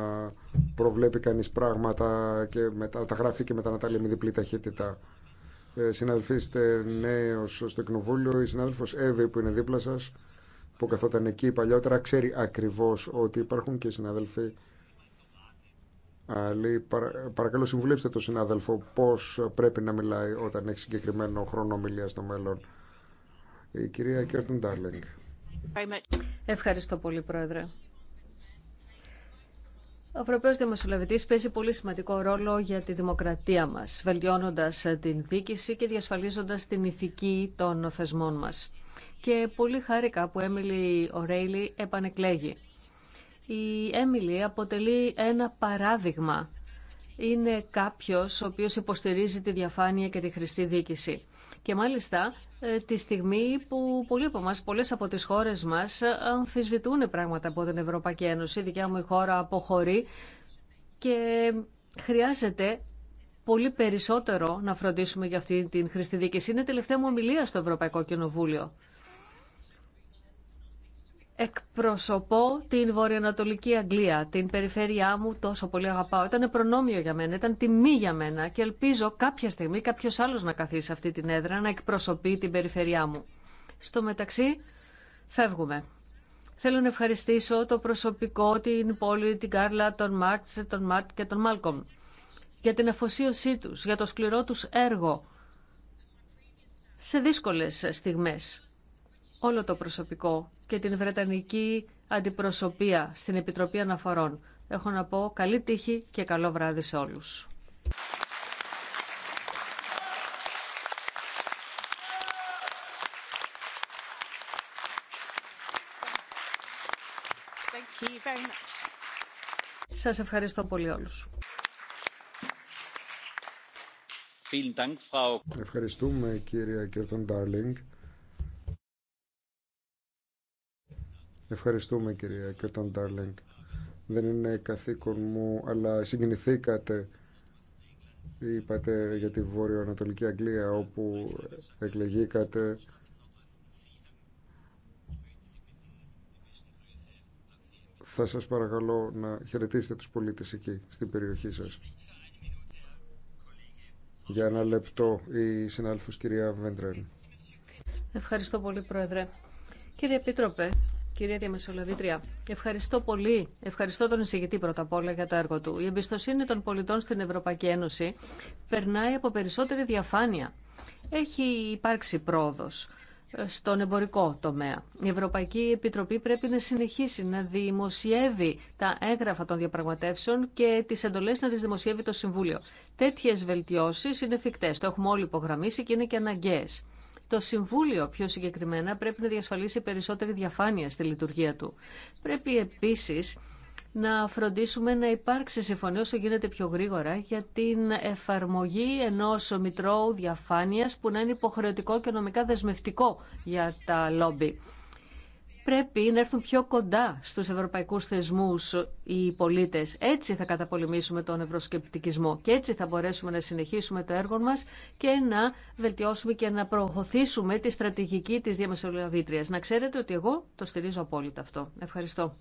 προβλέπει κανεί πράγματα και μετά, τα γράφει και μετά να τα λέει με διπλή ταχύτητα. Ε, συναδελφοί, είστε νέος στο κοινοβούλιο. Η συνάδελφος Εύη που είναι δίπλα σα, που καθόταν εκεί παλιότερα, ξέρει ακριβώ ότι υπάρχουν και συνάδελφοι Άλλη, παρακαλώ συμβουλέψτε τον συνάδελφο πώ πρέπει να μιλάει όταν έχει συγκεκριμένο χρόνο ομιλία στο μέλλον. Η κυρία Κέρτον Ντάρλινγκ. Ευχαριστώ πολύ, Πρόεδρε. Ο Ευρωπαίο Δημοσιολαβητής παίζει πολύ σημαντικό ρόλο για τη δημοκρατία μα, βελτιώνοντα την δίκηση και διασφαλίζοντα την ηθική των θεσμών μα. Και πολύ χάρηκα που Έμιλι Ορέιλι επανεκλέγει. Η Έμιλι αποτελεί ένα παράδειγμα. Είναι κάποιος ο οποίος υποστηρίζει τη διαφάνεια και τη χρηστή δίκηση. Και μάλιστα ε, τη στιγμή που πολλοί από εμάς, πολλές από τις χώρες μας ε, αμφισβητούν πράγματα από την Ευρωπαϊκή Ένωση. Η δικιά μου η χώρα αποχωρεί και χρειάζεται πολύ περισσότερο να φροντίσουμε για αυτή την χρηστή δίκηση. Είναι τελευταία μου ομιλία στο Ευρωπαϊκό Κοινοβούλιο εκπροσωπώ την βορειοανατολική Αγγλία, την περιφέρειά μου τόσο πολύ αγαπάω. Ήταν προνόμιο για μένα, ήταν τιμή για μένα και ελπίζω κάποια στιγμή κάποιο άλλο να καθίσει αυτή την έδρα να εκπροσωπεί την περιφέρειά μου. Στο μεταξύ, φεύγουμε. Θέλω να ευχαριστήσω το προσωπικό, την πόλη, την Κάρλα, τον Μάρτ τον και τον Μάλκομ για την αφοσίωσή τους, για το σκληρό τους έργο σε δύσκολες στιγμές όλο το προσωπικό και την Βρετανική Αντιπροσωπεία στην Επιτροπή Αναφορών. Έχω να πω καλή τύχη και καλό βράδυ σε όλους. Thank Σας ευχαριστώ πολύ όλους. Ευχαριστούμε κύριε Κέρτον Ντάρλινγκ. Ευχαριστούμε κυρία Κερτάν Ντάρλινγκ. Δεν είναι καθήκον μου, αλλά συγκινηθήκατε. Είπατε για τη βόρειο-ανατολική Αγγλία, όπου εκλεγήκατε. Θα σας παρακαλώ να χαιρετήσετε τους πολίτες εκεί, στην περιοχή σας. Για ένα λεπτό, η συνάλφους κυρία Βέντρεν. Ευχαριστώ πολύ, Πρόεδρε. Κύριε Επίτροπε, Κυρία Διαμεσολαβήτρια, ευχαριστώ πολύ. Ευχαριστώ τον εισηγητή πρώτα απ' όλα για το έργο του. Η εμπιστοσύνη των πολιτών στην Ευρωπαϊκή Ένωση περνάει από περισσότερη διαφάνεια. Έχει υπάρξει πρόοδος ε, στον εμπορικό τομέα. Η Ευρωπαϊκή Επιτροπή πρέπει να συνεχίσει να δημοσιεύει τα έγγραφα των διαπραγματεύσεων και τι εντολές να τι δημοσιεύει το Συμβούλιο. Τέτοιε βελτιώσει είναι εφικτέ. το έχουμε όλοι υπογραμμίσει και είναι και αναγκαίε. Το Συμβούλιο πιο συγκεκριμένα πρέπει να διασφαλίσει περισσότερη διαφάνεια στη λειτουργία του. Πρέπει επίσης να φροντίσουμε να υπάρξει συμφωνία όσο γίνεται πιο γρήγορα για την εφαρμογή ενός μητρώου διαφάνειας που να είναι υποχρεωτικό και νομικά δεσμευτικό για τα λόμπι πρέπει να έρθουν πιο κοντά στους ευρωπαϊκούς θεσμούς οι πολίτες. Έτσι θα καταπολεμήσουμε τον ευρωσκεπτικισμό και έτσι θα μπορέσουμε να συνεχίσουμε το έργο μας και να βελτιώσουμε και να προωθήσουμε τη στρατηγική της διαμεσολαβήτριας. Να ξέρετε ότι εγώ το στηρίζω απόλυτα αυτό. Ευχαριστώ.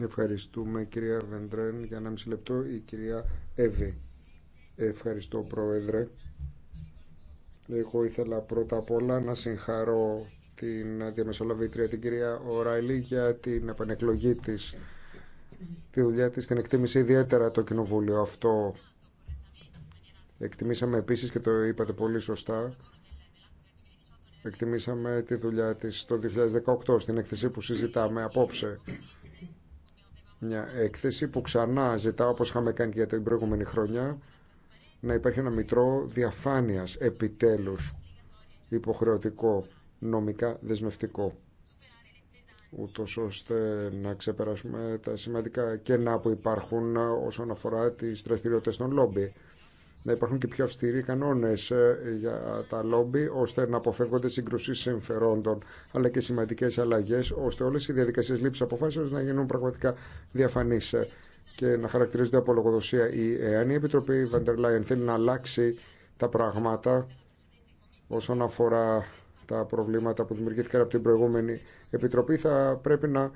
Ευχαριστούμε κυρία Βεντρέν για ένα μισή λεπτό η κυρία Εύη. Ευχαριστώ πρόεδρε. Εγώ ήθελα πρώτα απ' όλα να συγχαρώ την διαμεσολαβήτρια την κυρία Ωραϊλή για την επανεκλογή της τη δουλειά της την εκτίμησε ιδιαίτερα το κοινοβούλιο αυτό εκτιμήσαμε επίσης και το είπατε πολύ σωστά εκτιμήσαμε τη δουλειά της το 2018 στην έκθεση που συζητάμε απόψε μια έκθεση που ξανά ζητά όπως είχαμε κάνει και για την προηγούμενη χρονιά να υπάρχει ένα μητρό διαφάνειας επιτέλους υποχρεωτικό νομικά δεσμευτικό ούτως ώστε να ξεπεράσουμε τα σημαντικά κενά που υπάρχουν όσον αφορά τις δραστηριότητες των λόμπι. Να υπάρχουν και πιο αυστηροί κανόνες ε, για τα λόμπι, ώστε να αποφεύγονται συγκρουσίες συμφερόντων, αλλά και σημαντικές αλλαγές, ώστε όλες οι διαδικασίες λήψης αποφάσεως να γίνουν πραγματικά διαφανείς ε, και να χαρακτηρίζονται από λογοδοσία. Ή εάν η Επιτροπή Βαντερ θέλει να αλλάξει τα πράγματα όσον αφορά τα προβλήματα που δημιουργήθηκαν από την προηγούμενη επιτροπή θα πρέπει να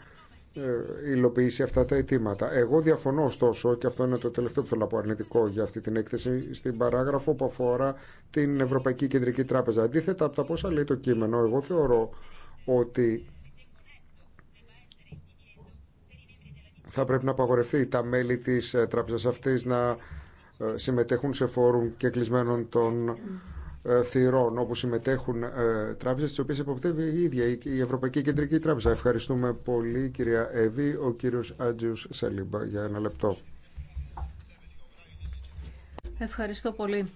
ε, υλοποιήσει αυτά τα αιτήματα. Εγώ διαφωνώ ωστόσο, και αυτό είναι το τελευταίο που θέλω να πω αρνητικό για αυτή την έκθεση, στην παράγραφο που αφορά την Ευρωπαϊκή Κεντρική Τράπεζα. Αντίθετα από τα πόσα λέει το κείμενο, εγώ θεωρώ ότι θα πρέπει να απαγορευτεί τα μέλη της ε, τράπεζας αυτής να ε, συμμετέχουν σε φόρουμ και κλεισμένων των ε, θηρών όπου συμμετέχουν ε, τράπεζε τι οποίε υποπτεύει η ίδια η Ευρωπαϊκή Κεντρική Τράπεζα. Ευχαριστούμε πολύ κυρία Εύη, ο κύριο Ατζιού Σαλίμπα για ένα λεπτό. Ευχαριστώ πολύ.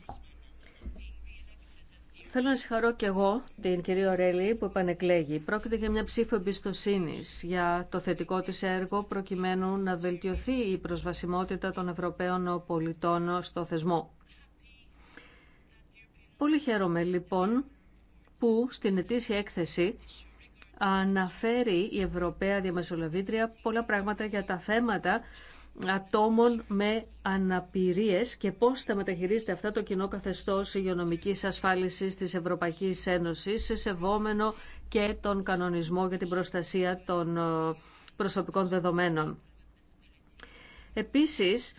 Θέλω να συγχαρώ και εγώ την κυρία Ρέλη που επανεκλέγει. Πρόκειται για μια ψήφο εμπιστοσύνη για το θετικό τη έργο προκειμένου να βελτιωθεί η προσβασιμότητα των Ευρωπαίων πολιτών στο θεσμό. Πολύ χαίρομαι λοιπόν που στην ετήσια έκθεση αναφέρει η Ευρωπαία Διαμεσολαβήτρια πολλά πράγματα για τα θέματα ατόμων με αναπηρίες και πώς θα μεταχειρίζεται αυτά το κοινό καθεστώς υγειονομικής ασφάλισης της Ευρωπαϊκής Ένωσης σεβόμενο και τον κανονισμό για την προστασία των ε, προσωπικών δεδομένων. Επίσης,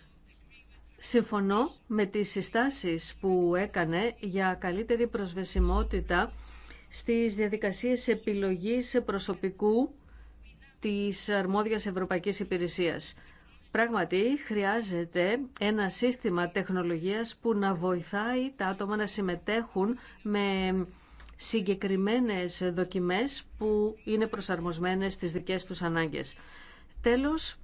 Συμφωνώ με τις συστάσεις που έκανε για καλύτερη προσβεσιμότητα στις διαδικασίες επιλογής προσωπικού της αρμόδιας Ευρωπαϊκής Υπηρεσίας. Πράγματι, χρειάζεται ένα σύστημα τεχνολογίας που να βοηθάει τα άτομα να συμμετέχουν με συγκεκριμένες δοκιμές που είναι προσαρμοσμένες στις δικές τους ανάγκες. Τέλος,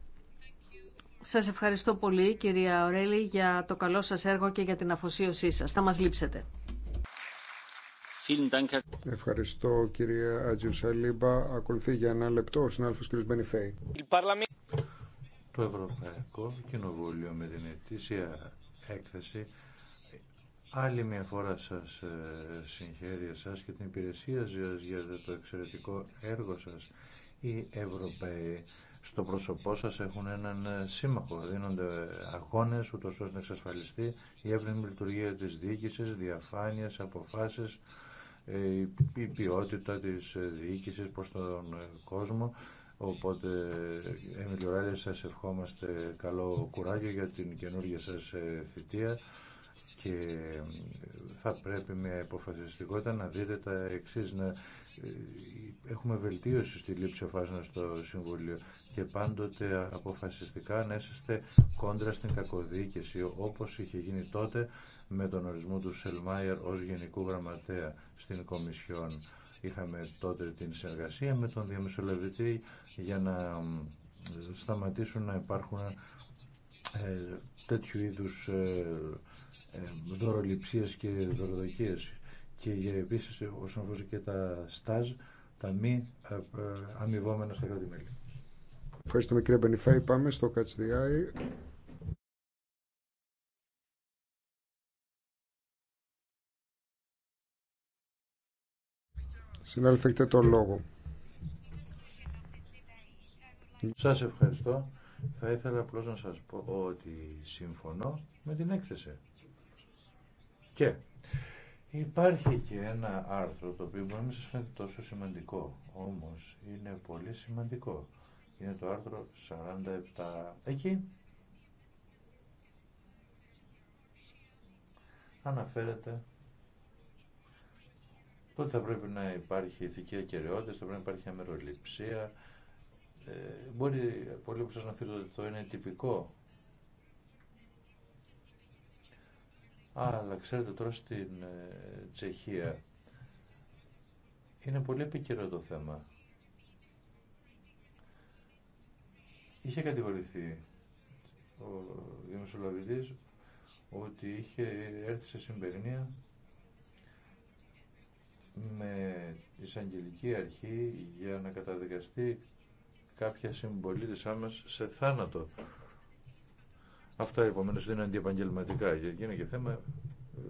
σας ευχαριστώ πολύ κυρία Ορέλη για το καλό σας έργο και για την αφοσίωσή σας. Θα μας λείψετε. Ευχαριστώ κυρία Ατζιουσαλίμπα. Ακολουθεί για ένα λεπτό ο συνάδελφος κύριος Μπενιφέη. Το Ευρωπαϊκό Κοινοβούλιο με την ετήσια έκθεση άλλη μια φορά σας ε, συγχαίρει σας και την υπηρεσία σας για το εξαιρετικό έργο σας. Οι Ευρωπαίοι στο πρόσωπό σα έχουν έναν ε, σύμμαχο. Δίνονται αγώνε ούτω ώστε να εξασφαλιστεί η εύρυνη λειτουργία της διοίκηση, διαφάνειας, αποφάσεις, ε, η ποιότητα της ε, διοίκηση προ τον κόσμο. Οπότε, Έμιλιο Ράλια, σας ευχόμαστε καλό κουράγιο για την καινούργια σας θητεία και θα πρέπει με αποφασιστικότητα να δείτε τα εξής, έχουμε βελτίωση στη λήψη φάσεων στο Συμβουλίο και πάντοτε αποφασιστικά να είσαστε κόντρα στην κακοδίκηση όπως είχε γίνει τότε με τον ορισμό του Σελμάιερ ως Γενικού Γραμματέα στην Κομισιόν. Είχαμε τότε την συνεργασία με τον διαμεσολαβητή για να σταματήσουν να υπάρχουν ε, τέτοιου είδους ε, ε, δωροληψίες και δωροδοκίες και επίση, όσον αφορά και τα στάζ, τα μη ε, ε, αμοιβόμενα στα κράτη-μέλη. Ευχαριστούμε κύριε Μπενιφέη. Πάμε στο Κατσδιάι. Συνάδελφε, έχετε το λόγο. Σας ευχαριστώ. Θα ήθελα απλώ να σας πω ότι συμφωνώ με την έκθεση. Και Υπάρχει και ένα άρθρο το οποίο μπορεί να μην σας φαίνεται τόσο σημαντικό, όμως είναι πολύ σημαντικό. Είναι το άρθρο 47. Εκεί αναφέρεται ότι θα πρέπει να υπάρχει ηθική ακεραιότητα, θα πρέπει να υπάρχει αμεροληψία. Ε, μπορεί πολλοί από σας να θεωρείτε ότι αυτό είναι τυπικό Αλλά ξέρετε τώρα στην ε, Τσεχία είναι πολύ επικαιρό το θέμα. Είχε κατηγορηθεί ο δημοσιολαβητής ότι είχε έρθει σε συμπερινία με εισαγγελική αρχή για να καταδικαστεί κάποια συμπολίτες άμεσα σε θάνατο. Αυτά επομένω δεν είναι αντιεπαγγελματικά Γίνεται είναι και θέμα ε,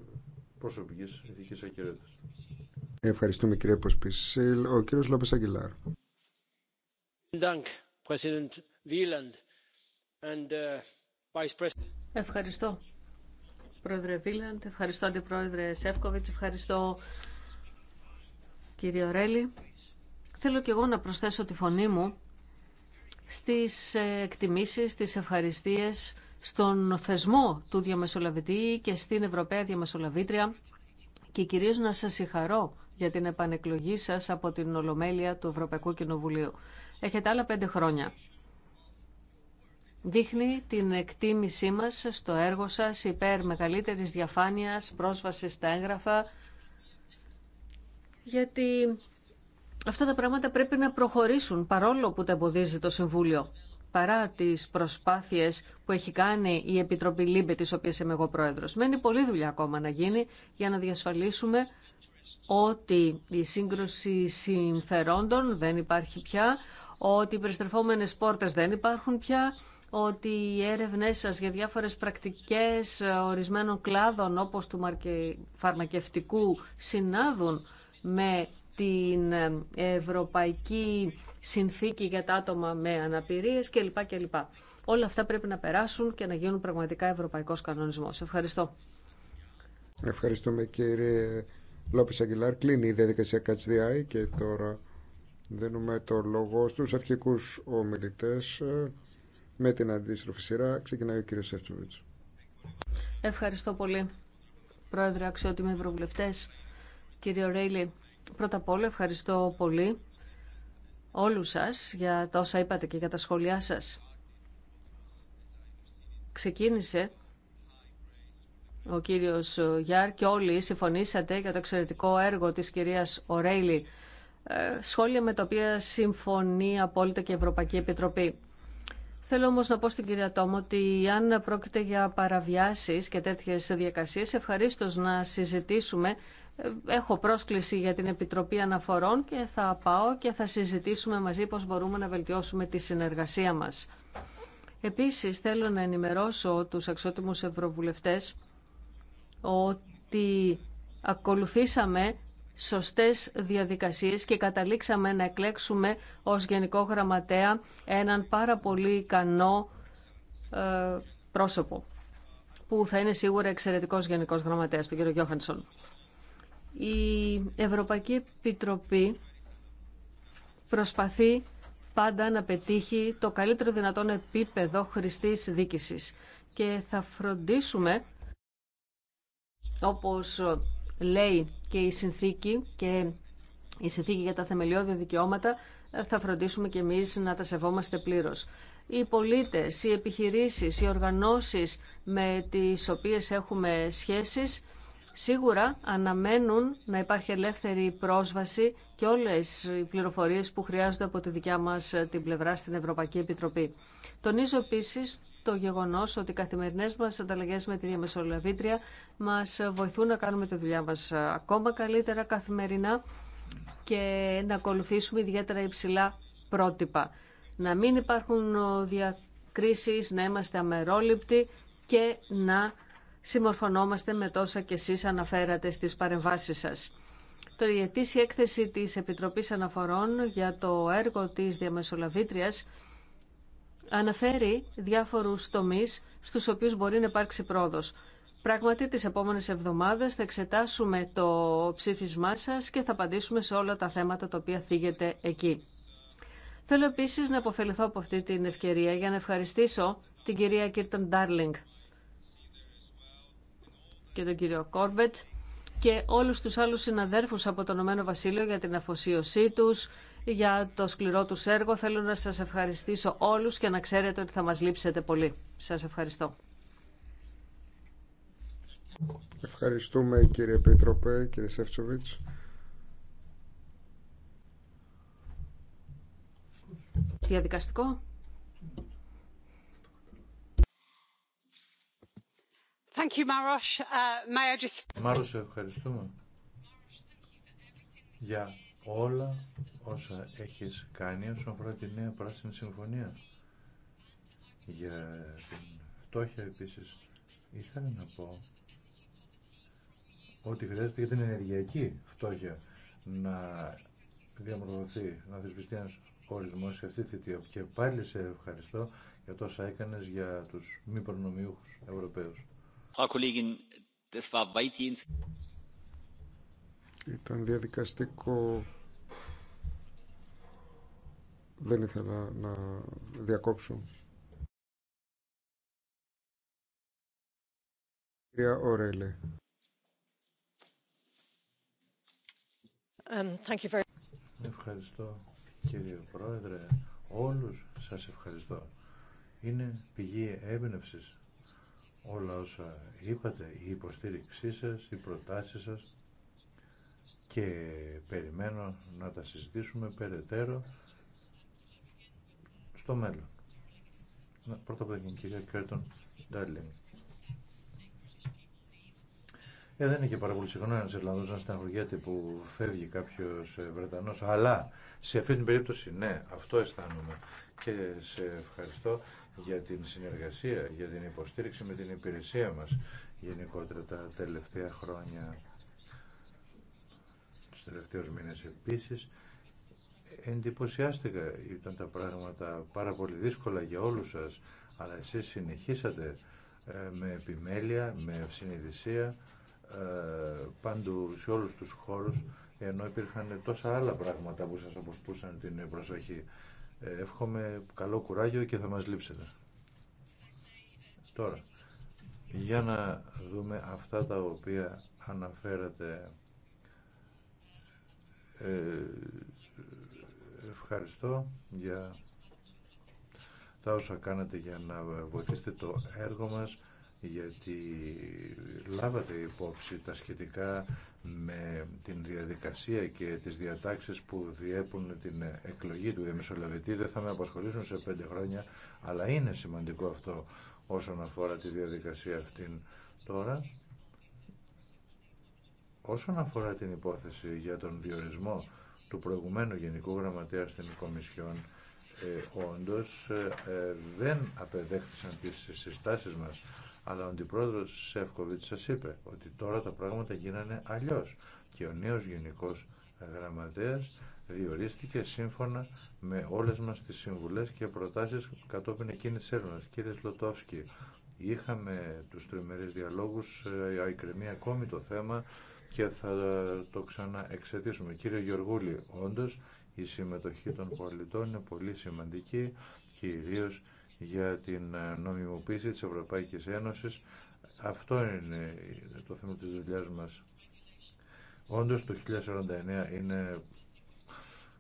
προσωπική ηθική ακυρότητα. Ευχαριστούμε κύριε Ποσπισίλ. Ο κύριος Λόπες Αγγελάρ. Uh, ευχαριστώ. Πρόεδρε Βίλαντ, ευχαριστώ Αντιπρόεδρε Σεύκοβιτς, ευχαριστώ κύριε Ρέλη. Θέλω και εγώ να προσθέσω τη φωνή μου στις ε, εκτιμήσεις, στις ευχαριστίες στον θεσμό του διαμεσολαβητή και στην Ευρωπαία Διαμεσολαβήτρια και κυρίως να σας συγχαρώ για την επανεκλογή σας από την Ολομέλεια του Ευρωπαϊκού Κοινοβουλίου. Έχετε άλλα πέντε χρόνια. Δείχνει την εκτίμησή μας στο έργο σας υπέρ μεγαλύτερης διαφάνειας, πρόσβαση στα έγγραφα, γιατί αυτά τα πράγματα πρέπει να προχωρήσουν παρόλο που τα εμποδίζει το Συμβούλιο παρά τις προσπάθειες που έχει κάνει η Επιτροπή Λίμπε, της οποίας είμαι εγώ πρόεδρος. Μένει πολλή δουλειά ακόμα να γίνει για να διασφαλίσουμε ότι η σύγκρουση συμφερόντων δεν υπάρχει πια, ότι οι περιστρεφόμενες πόρτες δεν υπάρχουν πια, ότι οι έρευνές σας για διάφορες πρακτικές ορισμένων κλάδων όπως του φαρμακευτικού συνάδουν με την ε, Ευρωπαϊκή Συνθήκη για τα άτομα με αναπηρίες κλπ. κλπ. Όλα αυτά πρέπει να περάσουν και να γίνουν πραγματικά ευρωπαϊκός κανονισμός. Ευχαριστώ. Ευχαριστούμε κύριε Λόπης Αγγελάρ. Κλείνει η διαδικασία ΚΑΤΣΔΙ και τώρα δίνουμε το λόγο στους αρχικούς ομιλητές ε, με την αντίστροφη σειρά. Ξεκινάει ο κύριος Σεφτσοβίτς. Ευχαριστώ πολύ. Πρόεδρε, αξιότιμοι ευρωβουλευτές, κύριε Ρέιλι, Πρώτα απ' όλα ευχαριστώ πολύ όλους σας για τα όσα είπατε και για τα σχόλιά σας. Ξεκίνησε ο κύριος Γιάρ και όλοι συμφωνήσατε για το εξαιρετικό έργο της κυρίας Ορέιλι. Ε, σχόλια με τα οποία συμφωνεί απόλυτα και η Ευρωπαϊκή Επιτροπή. Θέλω όμως να πω στην κυρία Τόμο ότι αν πρόκειται για παραβιάσεις και τέτοιες διακασίες, ευχαρίστως να συζητήσουμε Έχω πρόσκληση για την Επιτροπή Αναφορών και θα πάω και θα συζητήσουμε μαζί πώς μπορούμε να βελτιώσουμε τη συνεργασία μας. Επίσης θέλω να ενημερώσω τους αξιότιμους ευρωβουλευτές ότι ακολουθήσαμε σωστές διαδικασίες και καταλήξαμε να εκλέξουμε ως Γενικό Γραμματέα έναν πάρα πολύ ικανό ε, πρόσωπο που θα είναι σίγουρα εξαιρετικός Γενικός Γραμματέας, τον κύριο Γιώχανσον. Η Ευρωπαϊκή Επιτροπή προσπαθεί πάντα να πετύχει το καλύτερο δυνατόν επίπεδο χρηστής δίκησης και θα φροντίσουμε όπως λέει και η συνθήκη και η συνθήκη για τα θεμελιώδη δικαιώματα θα φροντίσουμε και εμείς να τα σεβόμαστε πλήρως. Οι πολίτες, οι επιχειρήσεις, οι οργανώσεις με τις οποίες έχουμε σχέσεις Σίγουρα αναμένουν να υπάρχει ελεύθερη πρόσβαση και όλες οι πληροφορίες που χρειάζονται από τη δικιά μας ε, την πλευρά στην Ευρωπαϊκή Επιτροπή. Τονίζω επίσης το γεγονός ότι οι καθημερινές μας ανταλλαγές με τη διαμεσολαβήτρια μας βοηθούν να κάνουμε τη δουλειά μας ε, ακόμα καλύτερα καθημερινά και να ακολουθήσουμε ιδιαίτερα υψηλά πρότυπα. Να μην υπάρχουν ε, διακρίσεις, να είμαστε αμερόληπτοι και να συμμορφωνόμαστε με τόσα και εσείς αναφέρατε στις παρεμβάσεις σας. Το η έκθεση της Επιτροπής Αναφορών για το έργο της Διαμεσολαβήτριας αναφέρει διάφορους τομείς στους οποίους μπορεί να υπάρξει πρόοδος. Πράγματι, τις επόμενες εβδομάδες θα εξετάσουμε το ψήφισμά σας και θα απαντήσουμε σε όλα τα θέματα τα οποία θίγεται εκεί. Θέλω επίσης να αποφεληθώ από αυτή την ευκαιρία για να ευχαριστήσω την κυρία Κίρτον Ντάρλινγκ και τον κύριο Κόρμπετ και όλους τους άλλους συναδέρφους από το Ηνωμένο Βασίλειο για την αφοσίωσή τους, για το σκληρό τους έργο. Θέλω να σας ευχαριστήσω όλους και να ξέρετε ότι θα μας λείψετε πολύ. Σας ευχαριστώ. Ευχαριστούμε κύριε πίτροπε, κύριε Σεφτσοβιτς. Διαδικαστικό. Uh, Μάρος, σε ευχαριστούμε για όλα όσα έχεις κάνει όσον αφορά τη νέα πράσινη συμφωνία. Για την φτώχεια επίσης. Ήθελα να πω ότι χρειάζεται για την ενεργειακή φτώχεια να διαμορφωθεί, να θεσπιστεί ένα ορισμό σε αυτή τη θητεία. Και πάλι σε ευχαριστώ για τόσα έκανες για τους μη προνομιούχους Ευρωπαίους. Ήταν διαδικαστικό. Δεν ήθελα να διακόψω. Κυρία Ορέλε. Um, ευχαριστώ κύριε Πρόεδρε. Όλους σας ευχαριστώ. Είναι πηγή έμπνευσης όλα όσα είπατε, η υποστήριξή σας, οι προτάσεις σας και περιμένω να τα συζητήσουμε περαιτέρω στο μέλλον. Να, πρώτα απ' όλα την κυρία Κέρτον Ντάρλινγκ. Ε, δεν είναι και πάρα πολύ συχνό ένα Ιρλανδό να στεναχωριέται που φεύγει κάποιο ε, Βρετανό. Αλλά σε αυτή την περίπτωση, ναι, αυτό αισθάνομαι. Και σε ευχαριστώ για την συνεργασία, για την υποστήριξη με την υπηρεσία μας γενικότερα τα τελευταία χρόνια του τελευταίους μήνες επίσης εντυπωσιάστηκα ήταν τα πράγματα πάρα πολύ δύσκολα για όλους σας αλλά εσείς συνεχίσατε ε, με επιμέλεια, με ε, πάντου σε όλους τους χώρους ενώ υπήρχαν τόσα άλλα πράγματα που σας αποσπούσαν την προσοχή εύχομαι καλό κουράγιο και θα μας λείψετε. Τώρα, για να δούμε αυτά τα οποία αναφέρατε. Ε, ευχαριστώ για τα όσα κάνατε για να βοηθήσετε το έργο μας γιατί λάβατε υπόψη τα σχετικά με την διαδικασία και τις διατάξεις που διέπουν την εκλογή του Διαμεσολαβητή δεν θα με απασχολήσουν σε πέντε χρόνια αλλά είναι σημαντικό αυτό όσον αφορά τη διαδικασία αυτήν τώρα όσον αφορά την υπόθεση για τον διορισμό του προηγουμένου Γενικού Γραμματέα στην Κομισιόν ε, όντως ε, ε, δεν απεδέχτησαν τις συστάσεις μας αλλά ο αντιπρόεδρο Σεύκοβιτ σας είπε ότι τώρα τα πράγματα γίνανε αλλιώς και ο νέος γενικό γραμματέας διορίστηκε σύμφωνα με όλες μας τις συμβουλές και προτάσεις κατόπιν εκείνης της έρευνας. Κύριε Σλοτόφσκι, είχαμε τους τριμερείς διαλόγους, εκκρεμεί ακόμη το θέμα και θα το ξαναεξετήσουμε. Κύριε Γεωργούλη, όντως η συμμετοχή των πολιτών είναι πολύ σημαντική, για την ε, νομιμοποίηση της Ευρωπαϊκής Ένωσης. Αυτό είναι το θέμα της δουλειά μας. Όντως το 1049 είναι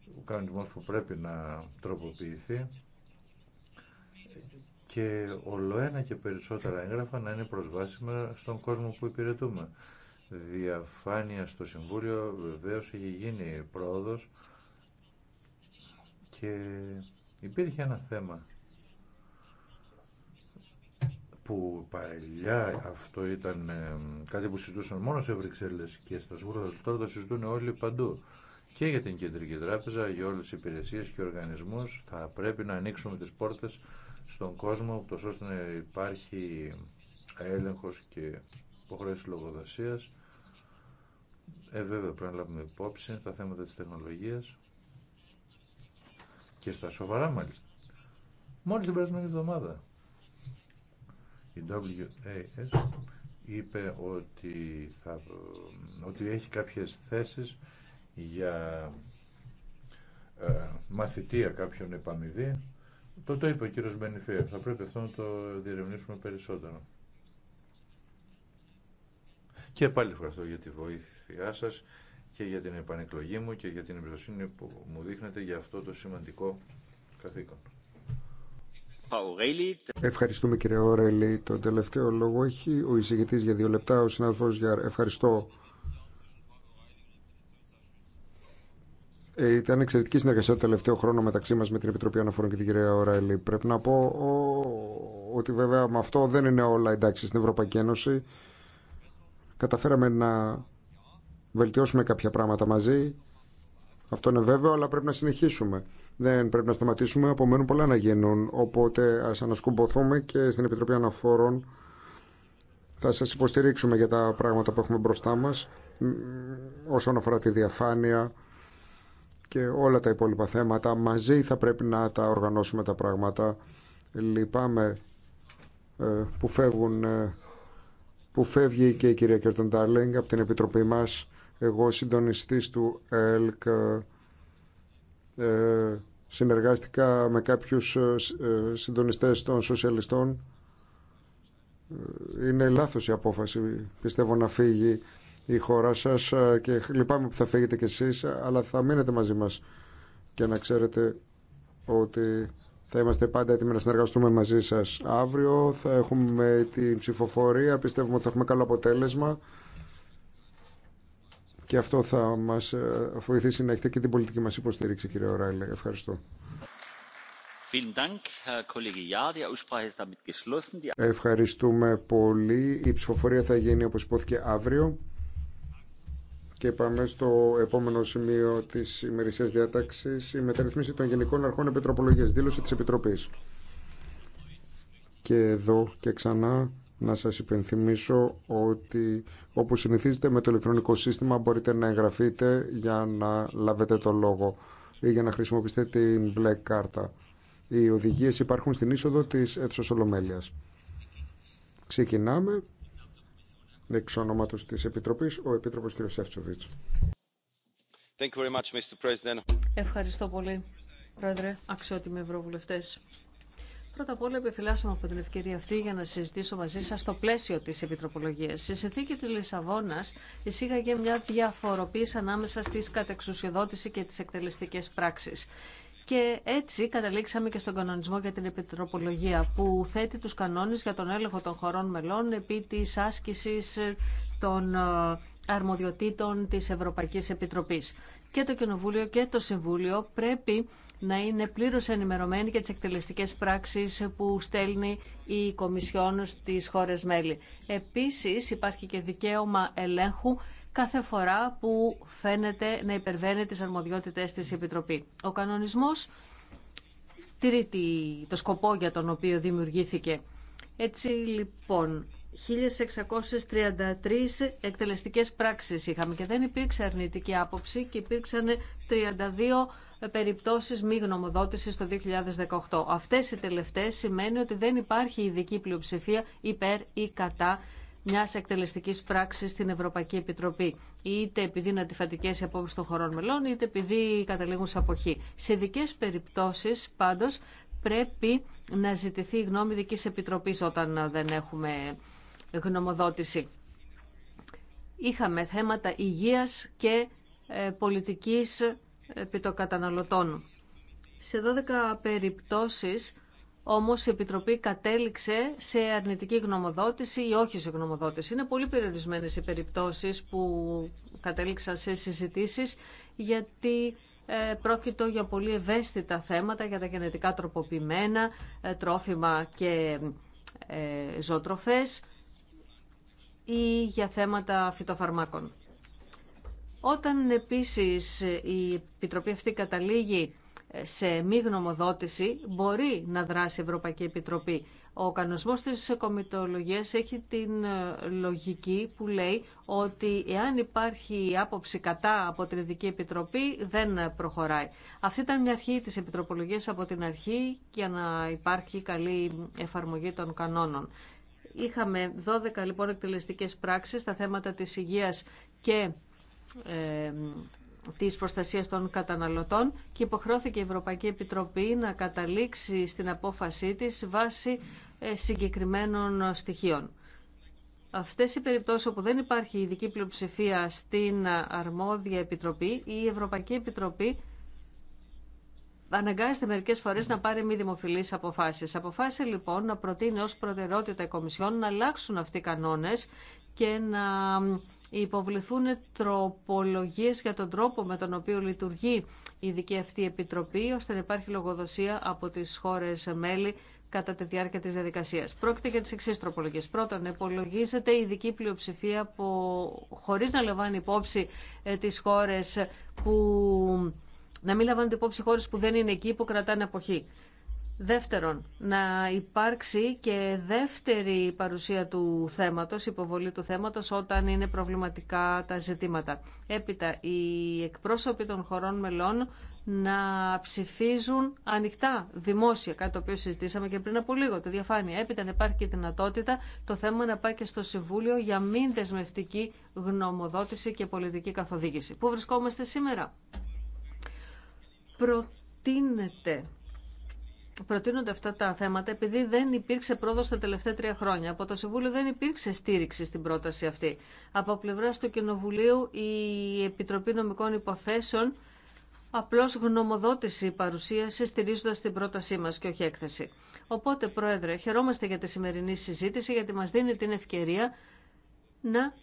ο κανονισμός που πρέπει να τροποποιηθεί και ολοένα και περισσότερα έγγραφα να είναι προσβάσιμα στον κόσμο που υπηρετούμε. Διαφάνεια στο Συμβούλιο βεβαίω έχει γίνει πρόοδος και υπήρχε ένα θέμα που παλιά αυτό ήταν ε, κάτι που συζητούσαν μόνο σε Βρυξέλλες και στα Σβούργα, τώρα το συζητούν όλοι παντού. Και για την Κεντρική Τράπεζα, για όλες τις υπηρεσίες και οργανισμούς θα πρέπει να ανοίξουμε τις πόρτες στον κόσμο, ώστε να υπάρχει έλεγχος και υποχρέωση λογοδοσίας. Ε, βέβαια, πρέπει να λάβουμε υπόψη τα θέματα της τεχνολογίας και στα σοβαρά μάλιστα. Μόλις την περασμένη εβδομάδα η WAS είπε ότι, θα, ότι έχει κάποιες θέσεις για ε, μαθητεία κάποιων επαμοιβή. Το το είπε ο κύριος Μπενιφέ. Θα πρέπει αυτό να το διερευνήσουμε περισσότερο. Και πάλι ευχαριστώ για τη βοήθειά σας και για την επανεκλογή μου και για την εμπιστοσύνη που μου δείχνετε για αυτό το σημαντικό καθήκον. Ευχαριστούμε κύριε Ωρέλη. Το τελευταίο λόγο έχει ο εισηγητής για δύο λεπτά, ο συνάδελφος Γιάρ. Ευχαριστώ. Ε, ήταν εξαιρετική συνεργασία το τελευταίο χρόνο μεταξύ μα με την Επιτροπή Αναφορών και την κυρία Ωραίλη. Πρέπει να πω ο, ότι βέβαια με αυτό δεν είναι όλα εντάξει στην Ευρωπαϊκή Ένωση. Καταφέραμε να βελτιώσουμε κάποια πράγματα μαζί. Αυτό είναι βέβαιο, αλλά πρέπει να συνεχίσουμε δεν πρέπει να σταματήσουμε, απομένουν πολλά να γίνουν. Οπότε α ανασκουμποθούμε και στην Επιτροπή Αναφόρων θα σας υποστηρίξουμε για τα πράγματα που έχουμε μπροστά μας όσον αφορά τη διαφάνεια και όλα τα υπόλοιπα θέματα. Μαζί θα πρέπει να τα οργανώσουμε τα πράγματα. Λυπάμαι ε, που, φεύγουν, ε, που φεύγει και η κυρία Κέρτον Τάρλινγκ από την Επιτροπή μας. Εγώ συντονιστής του ΕΛΚ ε, συνεργάστηκα με κάποιους ε, ε, συντονιστές των σοσιαλιστών. Είναι λάθος η απόφαση, πιστεύω, να φύγει η χώρα σας και λυπάμαι που θα φύγετε κι εσείς, αλλά θα μείνετε μαζί μας και να ξέρετε ότι θα είμαστε πάντα έτοιμοι να συνεργαστούμε μαζί σας. Αύριο θα έχουμε την ψηφοφορία, πιστεύουμε ότι θα έχουμε καλό αποτέλεσμα. Και αυτό θα μας ε, βοηθήσει να έχετε και την πολιτική μας υποστήριξη, κύριε Ράιλε. Ευχαριστώ. Ευχαριστούμε πολύ. Η ψηφοφορία θα γίνει όπως υπόθηκε αύριο. Και πάμε στο επόμενο σημείο της ημερησίας διάταξης. Η μεταρρυθμίση των Γενικών Αρχών Επιτροπολογίας. Δήλωση της Επιτροπής. Και εδώ και ξανά να σας υπενθυμίσω ότι όπως συνηθίζετε με το ηλεκτρονικό σύστημα μπορείτε να εγγραφείτε για να λάβετε το λόγο ή για να χρησιμοποιήσετε την μπλε κάρτα. Οι οδηγίες υπάρχουν στην είσοδο της αίθουσας Ολομέλειας. Ξεκινάμε εξ ονόματος της Επιτροπής, ο Επίτροπος κ. Σεύτσοβιτς. Ευχαριστώ πολύ, Πρόεδρε, αξιότιμοι ευρωβουλευτές. Πρώτα απ' όλα επιφυλάσσομαι από την ευκαιρία αυτή για να συζητήσω μαζί σα στο πλαίσιο τη επιτροπολογία. Η συνθήκη τη Λισαβόνα εισήγαγε μια διαφοροποίηση ανάμεσα στις κατεξουσιοδότηση και τι εκτελεστικέ πράξει. Και έτσι καταλήξαμε και στον κανονισμό για την επιτροπολογία που θέτει του κανόνε για τον έλεγχο των χωρών μελών επί τη άσκηση των ε, αρμοδιοτήτων της Ευρωπαϊκής Επιτροπής και το Κοινοβούλιο και το Συμβούλιο πρέπει να είναι πλήρως ενημερωμένοι για τις εκτελεστικές πράξεις που στέλνει η Κομισιόν στις χώρες μέλη. Επίση, υπάρχει και δικαίωμα ελέγχου κάθε φορά που φαίνεται να υπερβαίνει τις αρμοδιότητες της Επιτροπή. Ο κανονισμός τηρεί το σκοπό για τον οποίο δημιουργήθηκε. Έτσι λοιπόν 1.633 εκτελεστικές πράξεις είχαμε και δεν υπήρξε αρνητική άποψη και υπήρξαν 32 περιπτώσεις μη γνωμοδότησης το 2018. Αυτές οι τελευταίες σημαίνει ότι δεν υπάρχει ειδική πλειοψηφία υπέρ ή κατά μια εκτελεστική πράξη στην Ευρωπαϊκή Επιτροπή. Είτε επειδή είναι αντιφατικέ οι απόψει των χωρών μελών, είτε επειδή καταλήγουν σε αποχή. Σε ειδικέ περιπτώσει, πάντω, πρέπει να ζητηθεί η γνώμη δική επιτροπή πρεπει να ζητηθει γνωμη δικη επιτροπη οταν δεν έχουμε γνωμοδότηση. Είχαμε θέματα υγείας και ε, πολιτικής επιτοκαταναλωτών. Σε 12 περιπτώσεις όμως η Επιτροπή κατέληξε σε αρνητική γνωμοδότηση ή όχι σε γνωμοδότηση. Είναι πολύ περιορισμένες οι περιπτώσεις που κατέληξαν σε συζητήσεις γιατί ε, πρόκειτο για πολύ ευαίσθητα θέματα για τα γενετικά τροποποιημένα, ε, τρόφιμα και ζωοτροφές ή για θέματα φυτοφαρμάκων. Όταν επίσης η Επιτροπή αυτή καταλήγει ε, σε μη γνωμοδότηση, μπορεί να δράσει η Ευρωπαϊκή Επιτροπή. Ο κανονισμός της κομιτολογίας έχει την ε, λογική που λέει ότι εάν υπάρχει άποψη κατά από την Ειδική Επιτροπή δεν προχωράει. Αυτή ήταν μια αρχή της Επιτροπολογίας από την αρχή για να υπάρχει καλή εφαρμογή των κανόνων. Είχαμε 12 λοιπόν εκτελεστικές πράξεις στα θέματα της υγείας και ε, της προστασίας των καταναλωτών και υποχρεώθηκε η Ευρωπαϊκή Επιτροπή να καταλήξει στην απόφασή της βάσει ε, συγκεκριμένων στοιχείων. Αυτές οι περιπτώσεις όπου δεν υπάρχει ειδική πλειοψηφία στην αρμόδια Επιτροπή, η Ευρωπαϊκή Επιτροπή αναγκάζεται μερικέ φορέ να πάρει μη δημοφιλεί αποφάσει. Αποφάσισε λοιπόν να προτείνει ω προτεραιότητα η Κομισιόν να αλλάξουν αυτοί οι κανόνε και να υποβληθούν τροπολογίες για τον τρόπο με τον οποίο λειτουργεί η δική αυτή επιτροπή, ώστε να υπάρχει λογοδοσία από τι χώρε μέλη κατά τη διάρκεια τη διαδικασία. Πρόκειται για τι εξή τροπολογίε. Πρώτον, υπολογίζεται η ειδική πλειοψηφία που, χωρίς να λαμβάνει υπόψη ε, τι χώρε που να μην λαμβάνονται υπόψη χώρε που δεν είναι εκεί που κρατάνε αποχή. Δεύτερον, να υπάρξει και δεύτερη παρουσία του θέματος, υποβολή του θέματος όταν είναι προβληματικά τα ζητήματα. Έπειτα, οι εκπρόσωποι των χωρών μελών να ψηφίζουν ανοιχτά, δημόσια, κάτι το οποίο συζητήσαμε και πριν από λίγο, το διαφάνεια. Έπειτα να υπάρχει και δυνατότητα το θέμα να πάει και στο Συμβούλιο για μην δεσμευτική γνωμοδότηση και πολιτική καθοδήγηση. Πού βρισκόμαστε σήμερα? προτείνεται προτείνονται αυτά τα θέματα επειδή δεν υπήρξε πρόοδο τα τελευταία τρία χρόνια. Από το Συμβούλιο δεν υπήρξε στήριξη στην πρόταση αυτή. Από πλευρά του Κοινοβουλίου η Επιτροπή Νομικών Υποθέσεων απλώς γνωμοδότηση παρουσίασε στηρίζοντας την πρότασή μας και όχι έκθεση. Οπότε, Πρόεδρε, χαιρόμαστε για τη σημερινή συζήτηση γιατί μας δίνει την ευκαιρία να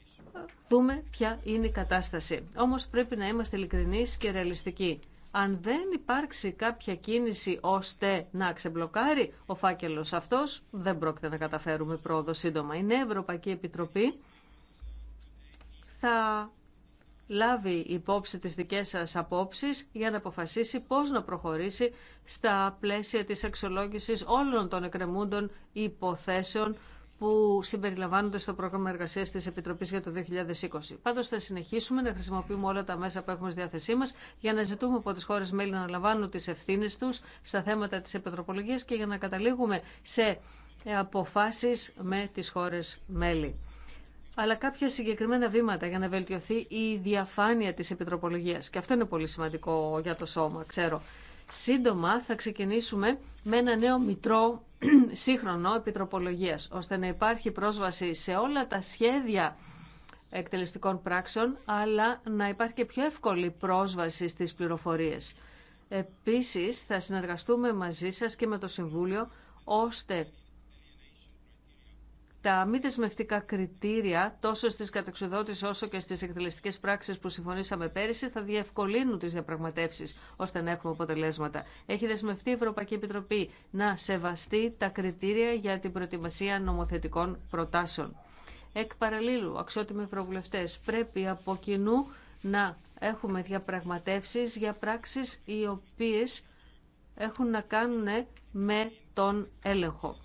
δούμε ποια είναι η κατάσταση. Όμως πρέπει να είμαστε ειλικρινεί και ρεαλιστικοί αν δεν υπάρξει κάποια κίνηση ώστε να ξεμπλοκάρει ο φάκελος αυτός, δεν πρόκειται να καταφέρουμε πρόοδο σύντομα. Η Νέα Ευρωπαϊκή Επιτροπή θα λάβει υπόψη τις δικές σας απόψεις για να αποφασίσει πώς να προχωρήσει στα πλαίσια της αξιολόγηση όλων των εκκρεμούντων υποθέσεων που συμπεριλαμβάνονται στο πρόγραμμα εργασία τη Επιτροπή για το 2020. Πάντω, θα συνεχίσουμε να χρησιμοποιούμε όλα τα μέσα που έχουμε στη διάθεσή μα για να ζητούμε από τι χώρε μέλη να λαμβάνουν τι ευθύνε του στα θέματα τη επιτροπολογία και για να καταλήγουμε σε αποφάσει με τι χώρε μέλη. Αλλά κάποια συγκεκριμένα βήματα για να βελτιωθεί η διαφάνεια τη επιτροπολογία. Και αυτό είναι πολύ σημαντικό για το σώμα, ξέρω. Σύντομα θα ξεκινήσουμε με ένα νέο μητρό σύγχρονο επιτροπολογίας, ώστε να υπάρχει πρόσβαση σε όλα τα σχέδια εκτελεστικών πράξεων, αλλά να υπάρχει και πιο εύκολη πρόσβαση στις πληροφορίες. Επίσης, θα συνεργαστούμε μαζί σας και με το Συμβούλιο, ώστε τα μη δεσμευτικά κριτήρια τόσο στις κατεξοδότης όσο και στις εκτελεστικές πράξεις που συμφωνήσαμε πέρυσι θα διευκολύνουν τις διαπραγματεύσεις ώστε να έχουμε αποτελέσματα. Έχει δεσμευτεί η Ευρωπαϊκή Επιτροπή να σεβαστεί τα κριτήρια για την προετοιμασία νομοθετικών προτάσεων. Εκ παραλίλου, αξιότιμοι προβουλευτέ, πρέπει από κοινού να έχουμε διαπραγματεύσεις για πράξεις οι οποίες έχουν να κάνουν με τον έλεγχο.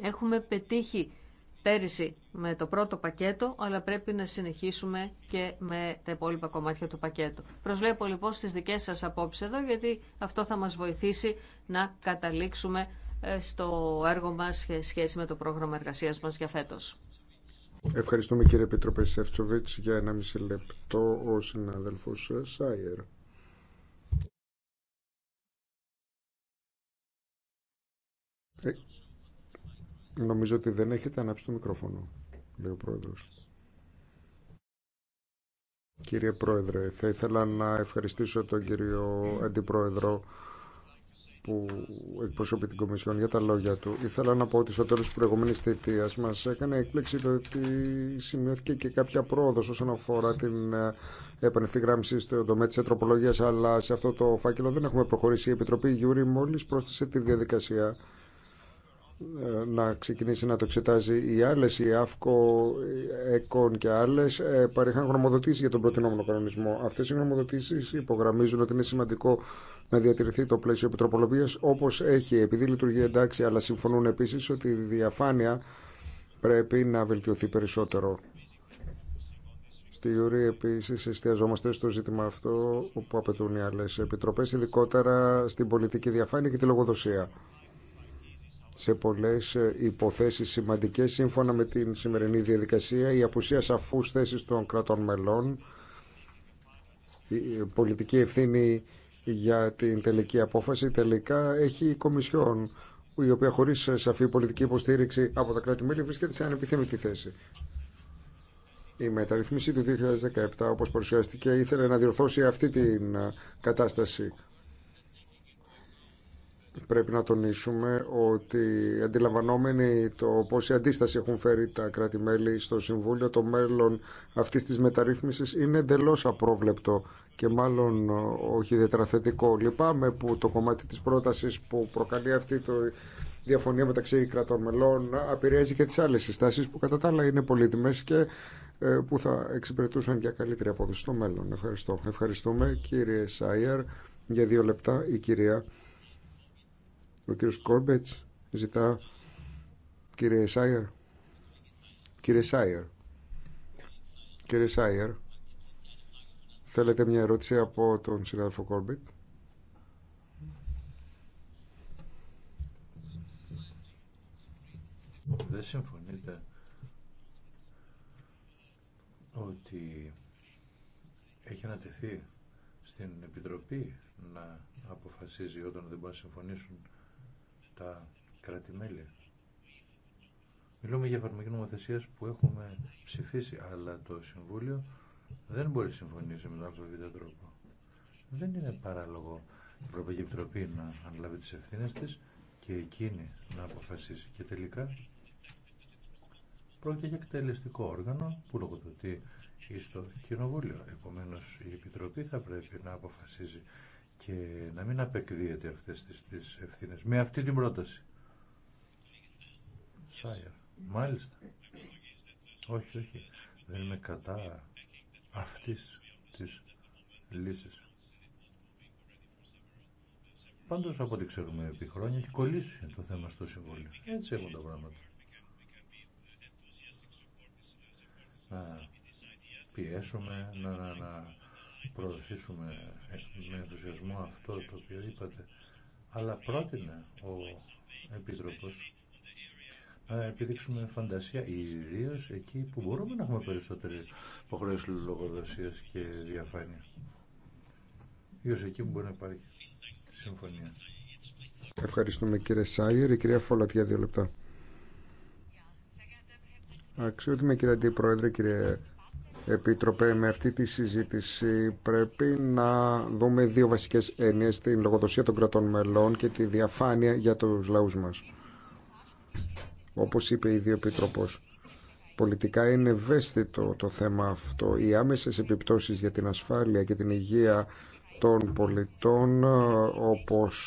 Έχουμε πετύχει πέρυσι με το πρώτο πακέτο, αλλά πρέπει να συνεχίσουμε και με τα υπόλοιπα κομμάτια του πακέτου. Προσβλέπω λοιπόν στις δικές σας απόψε εδώ, γιατί αυτό θα μας βοηθήσει να καταλήξουμε ε, στο έργο μας σε σχέση με το πρόγραμμα εργασίας μας για φέτος. Ευχαριστούμε κύριε Πίτρο Σεύτσοβιτς για ένα μισή λεπτό ο συναδελφός Σάιερ. Ε, Νομίζω ότι δεν έχετε ανάψει το μικρόφωνο, λέει ο Πρόεδρος. Κύριε Πρόεδρε, θα ήθελα να ευχαριστήσω τον κύριο Αντιπρόεδρο που εκπροσωπεί την Κομισιόν για τα λόγια του. Ήθελα να πω ότι στο τέλος της προηγούμενης θητείας μας έκανε έκπληξη το ότι σημειώθηκε και κάποια πρόοδος όσον αφορά την ε, επανευθυγράμμιση στο τομέα της ετροπολογίας, αλλά σε αυτό το φάκελο δεν έχουμε προχωρήσει. Η Επιτροπή Γιούρη μόλις πρόσθεσε τη διαδικασία να ξεκινήσει να το εξετάζει οι άλλε, η ΑΦΚΟ, η ΕΚΟΝ και άλλε παρέχαν γνωμοδοτήσει για τον προτινόμενο κανονισμό. Αυτέ οι γνωμοδοτήσει υπογραμμίζουν ότι είναι σημαντικό να διατηρηθεί το πλαίσιο επιτροπολογία, όπω έχει, επειδή λειτουργεί εντάξει, αλλά συμφωνούν επίση ότι η διαφάνεια πρέπει να βελτιωθεί περισσότερο. Στη Ιουρή επίση εστιαζόμαστε στο ζήτημα αυτό που απαιτούν οι άλλε επιτροπέ, ειδικότερα στην πολιτική διαφάνεια και τη λογοδοσία σε πολλές ε, υποθέσεις σημαντικές σύμφωνα με την σημερινή διαδικασία η απουσία σαφούς θέσης των κρατών μελών η πολιτική ευθύνη για την τελική απόφαση τελικά έχει η Κομισιόν η οποία χωρίς σαφή πολιτική υποστήριξη από τα κράτη-μέλη βρίσκεται σε ανεπιθύμητη θέση. Η μεταρρυθμίση του 2017, όπως παρουσιάστηκε, ήθελε να διορθώσει αυτή την κατάσταση πρέπει να τονίσουμε ότι αντιλαμβανόμενοι το πόση αντίσταση έχουν φέρει τα κράτη-μέλη στο Συμβούλιο, το μέλλον αυτής της μεταρρύθμισης είναι εντελώ απρόβλεπτο και μάλλον όχι ιδιαίτερα θετικό. Λυπάμαι που το κομμάτι της πρότασης που προκαλεί αυτή το διαφωνία μεταξύ κρατών μελών επηρεάζει και τις άλλες συστάσεις που κατά τα άλλα είναι πολύτιμες και ε, που θα εξυπηρετούσαν για καλύτερη απόδοση στο μέλλον. Ευχαριστώ. Ευχαριστούμε κύριε Σάιερ. Για δύο λεπτά η κυρία ο κύριος Κόρμπετς ζητά κύριε Σάιερ. Κύριε Σάιερ. Κύριε Σάιερ. Θέλετε μια ερώτηση από τον συνάδελφο Κόρμπετ. Δεν συμφωνείτε ότι έχει ανατεθεί στην Επιτροπή να αποφασίζει όταν δεν μπορεί να συμφωνήσουν τα κρατημέλια. Μιλούμε για εφαρμογή νομοθεσία που έχουμε ψηφίσει, αλλά το Συμβούλιο δεν μπορεί να συμφωνήσει με τον ΑΒ τρόπο. Δεν είναι παράλογο η Ευρωπαϊκή Επιτροπή να αναλάβει τι ευθύνε τη και εκείνη να αποφασίσει. Και τελικά πρόκειται για εκτελεστικό όργανο που λογοδοτεί στο Κοινοβούλιο. Επομένω η Επιτροπή θα πρέπει να αποφασίζει και να μην απεκδίεται αυτές τις, τις ευθύνες με αυτή την πρόταση. Σάιερ. Μάλιστα. Όχι, όχι. Δεν είμαι κατά αυτής της λύσης. Πάντως από ό,τι ξέρουμε επί χρόνια έχει κολλήσει το θέμα στο Συμβούλιο. Έτσι έχουν τα πράγματα. Να πιέσουμε, να, να, να προωθήσουμε με ενθουσιασμό αυτό το οποίο είπατε, αλλά πρότεινε ο Επίτροπος να επιδείξουμε φαντασία, ιδίω εκεί που μπορούμε να έχουμε περισσότερε υποχρεώσει λογοδοσία και διαφάνεια. Ιδίω εκεί που μπορεί να υπάρχει συμφωνία. Ευχαριστούμε κύριε Σάγερ. Η κυρία Φόλατ για δύο λεπτά. Αξιότιμη κύριε Αντιπρόεδρε, κύριε Επίτροπε, με αυτή τη συζήτηση πρέπει να δούμε δύο βασικές έννοιες, την λογοδοσία των κρατών μελών και τη διαφάνεια για τους λαούς μας. Όπως είπε ήδη ο Επίτροπος, πολιτικά είναι ευαίσθητο το θέμα αυτό. Οι άμεσες επιπτώσεις για την ασφάλεια και την υγεία των πολιτών ε, όπως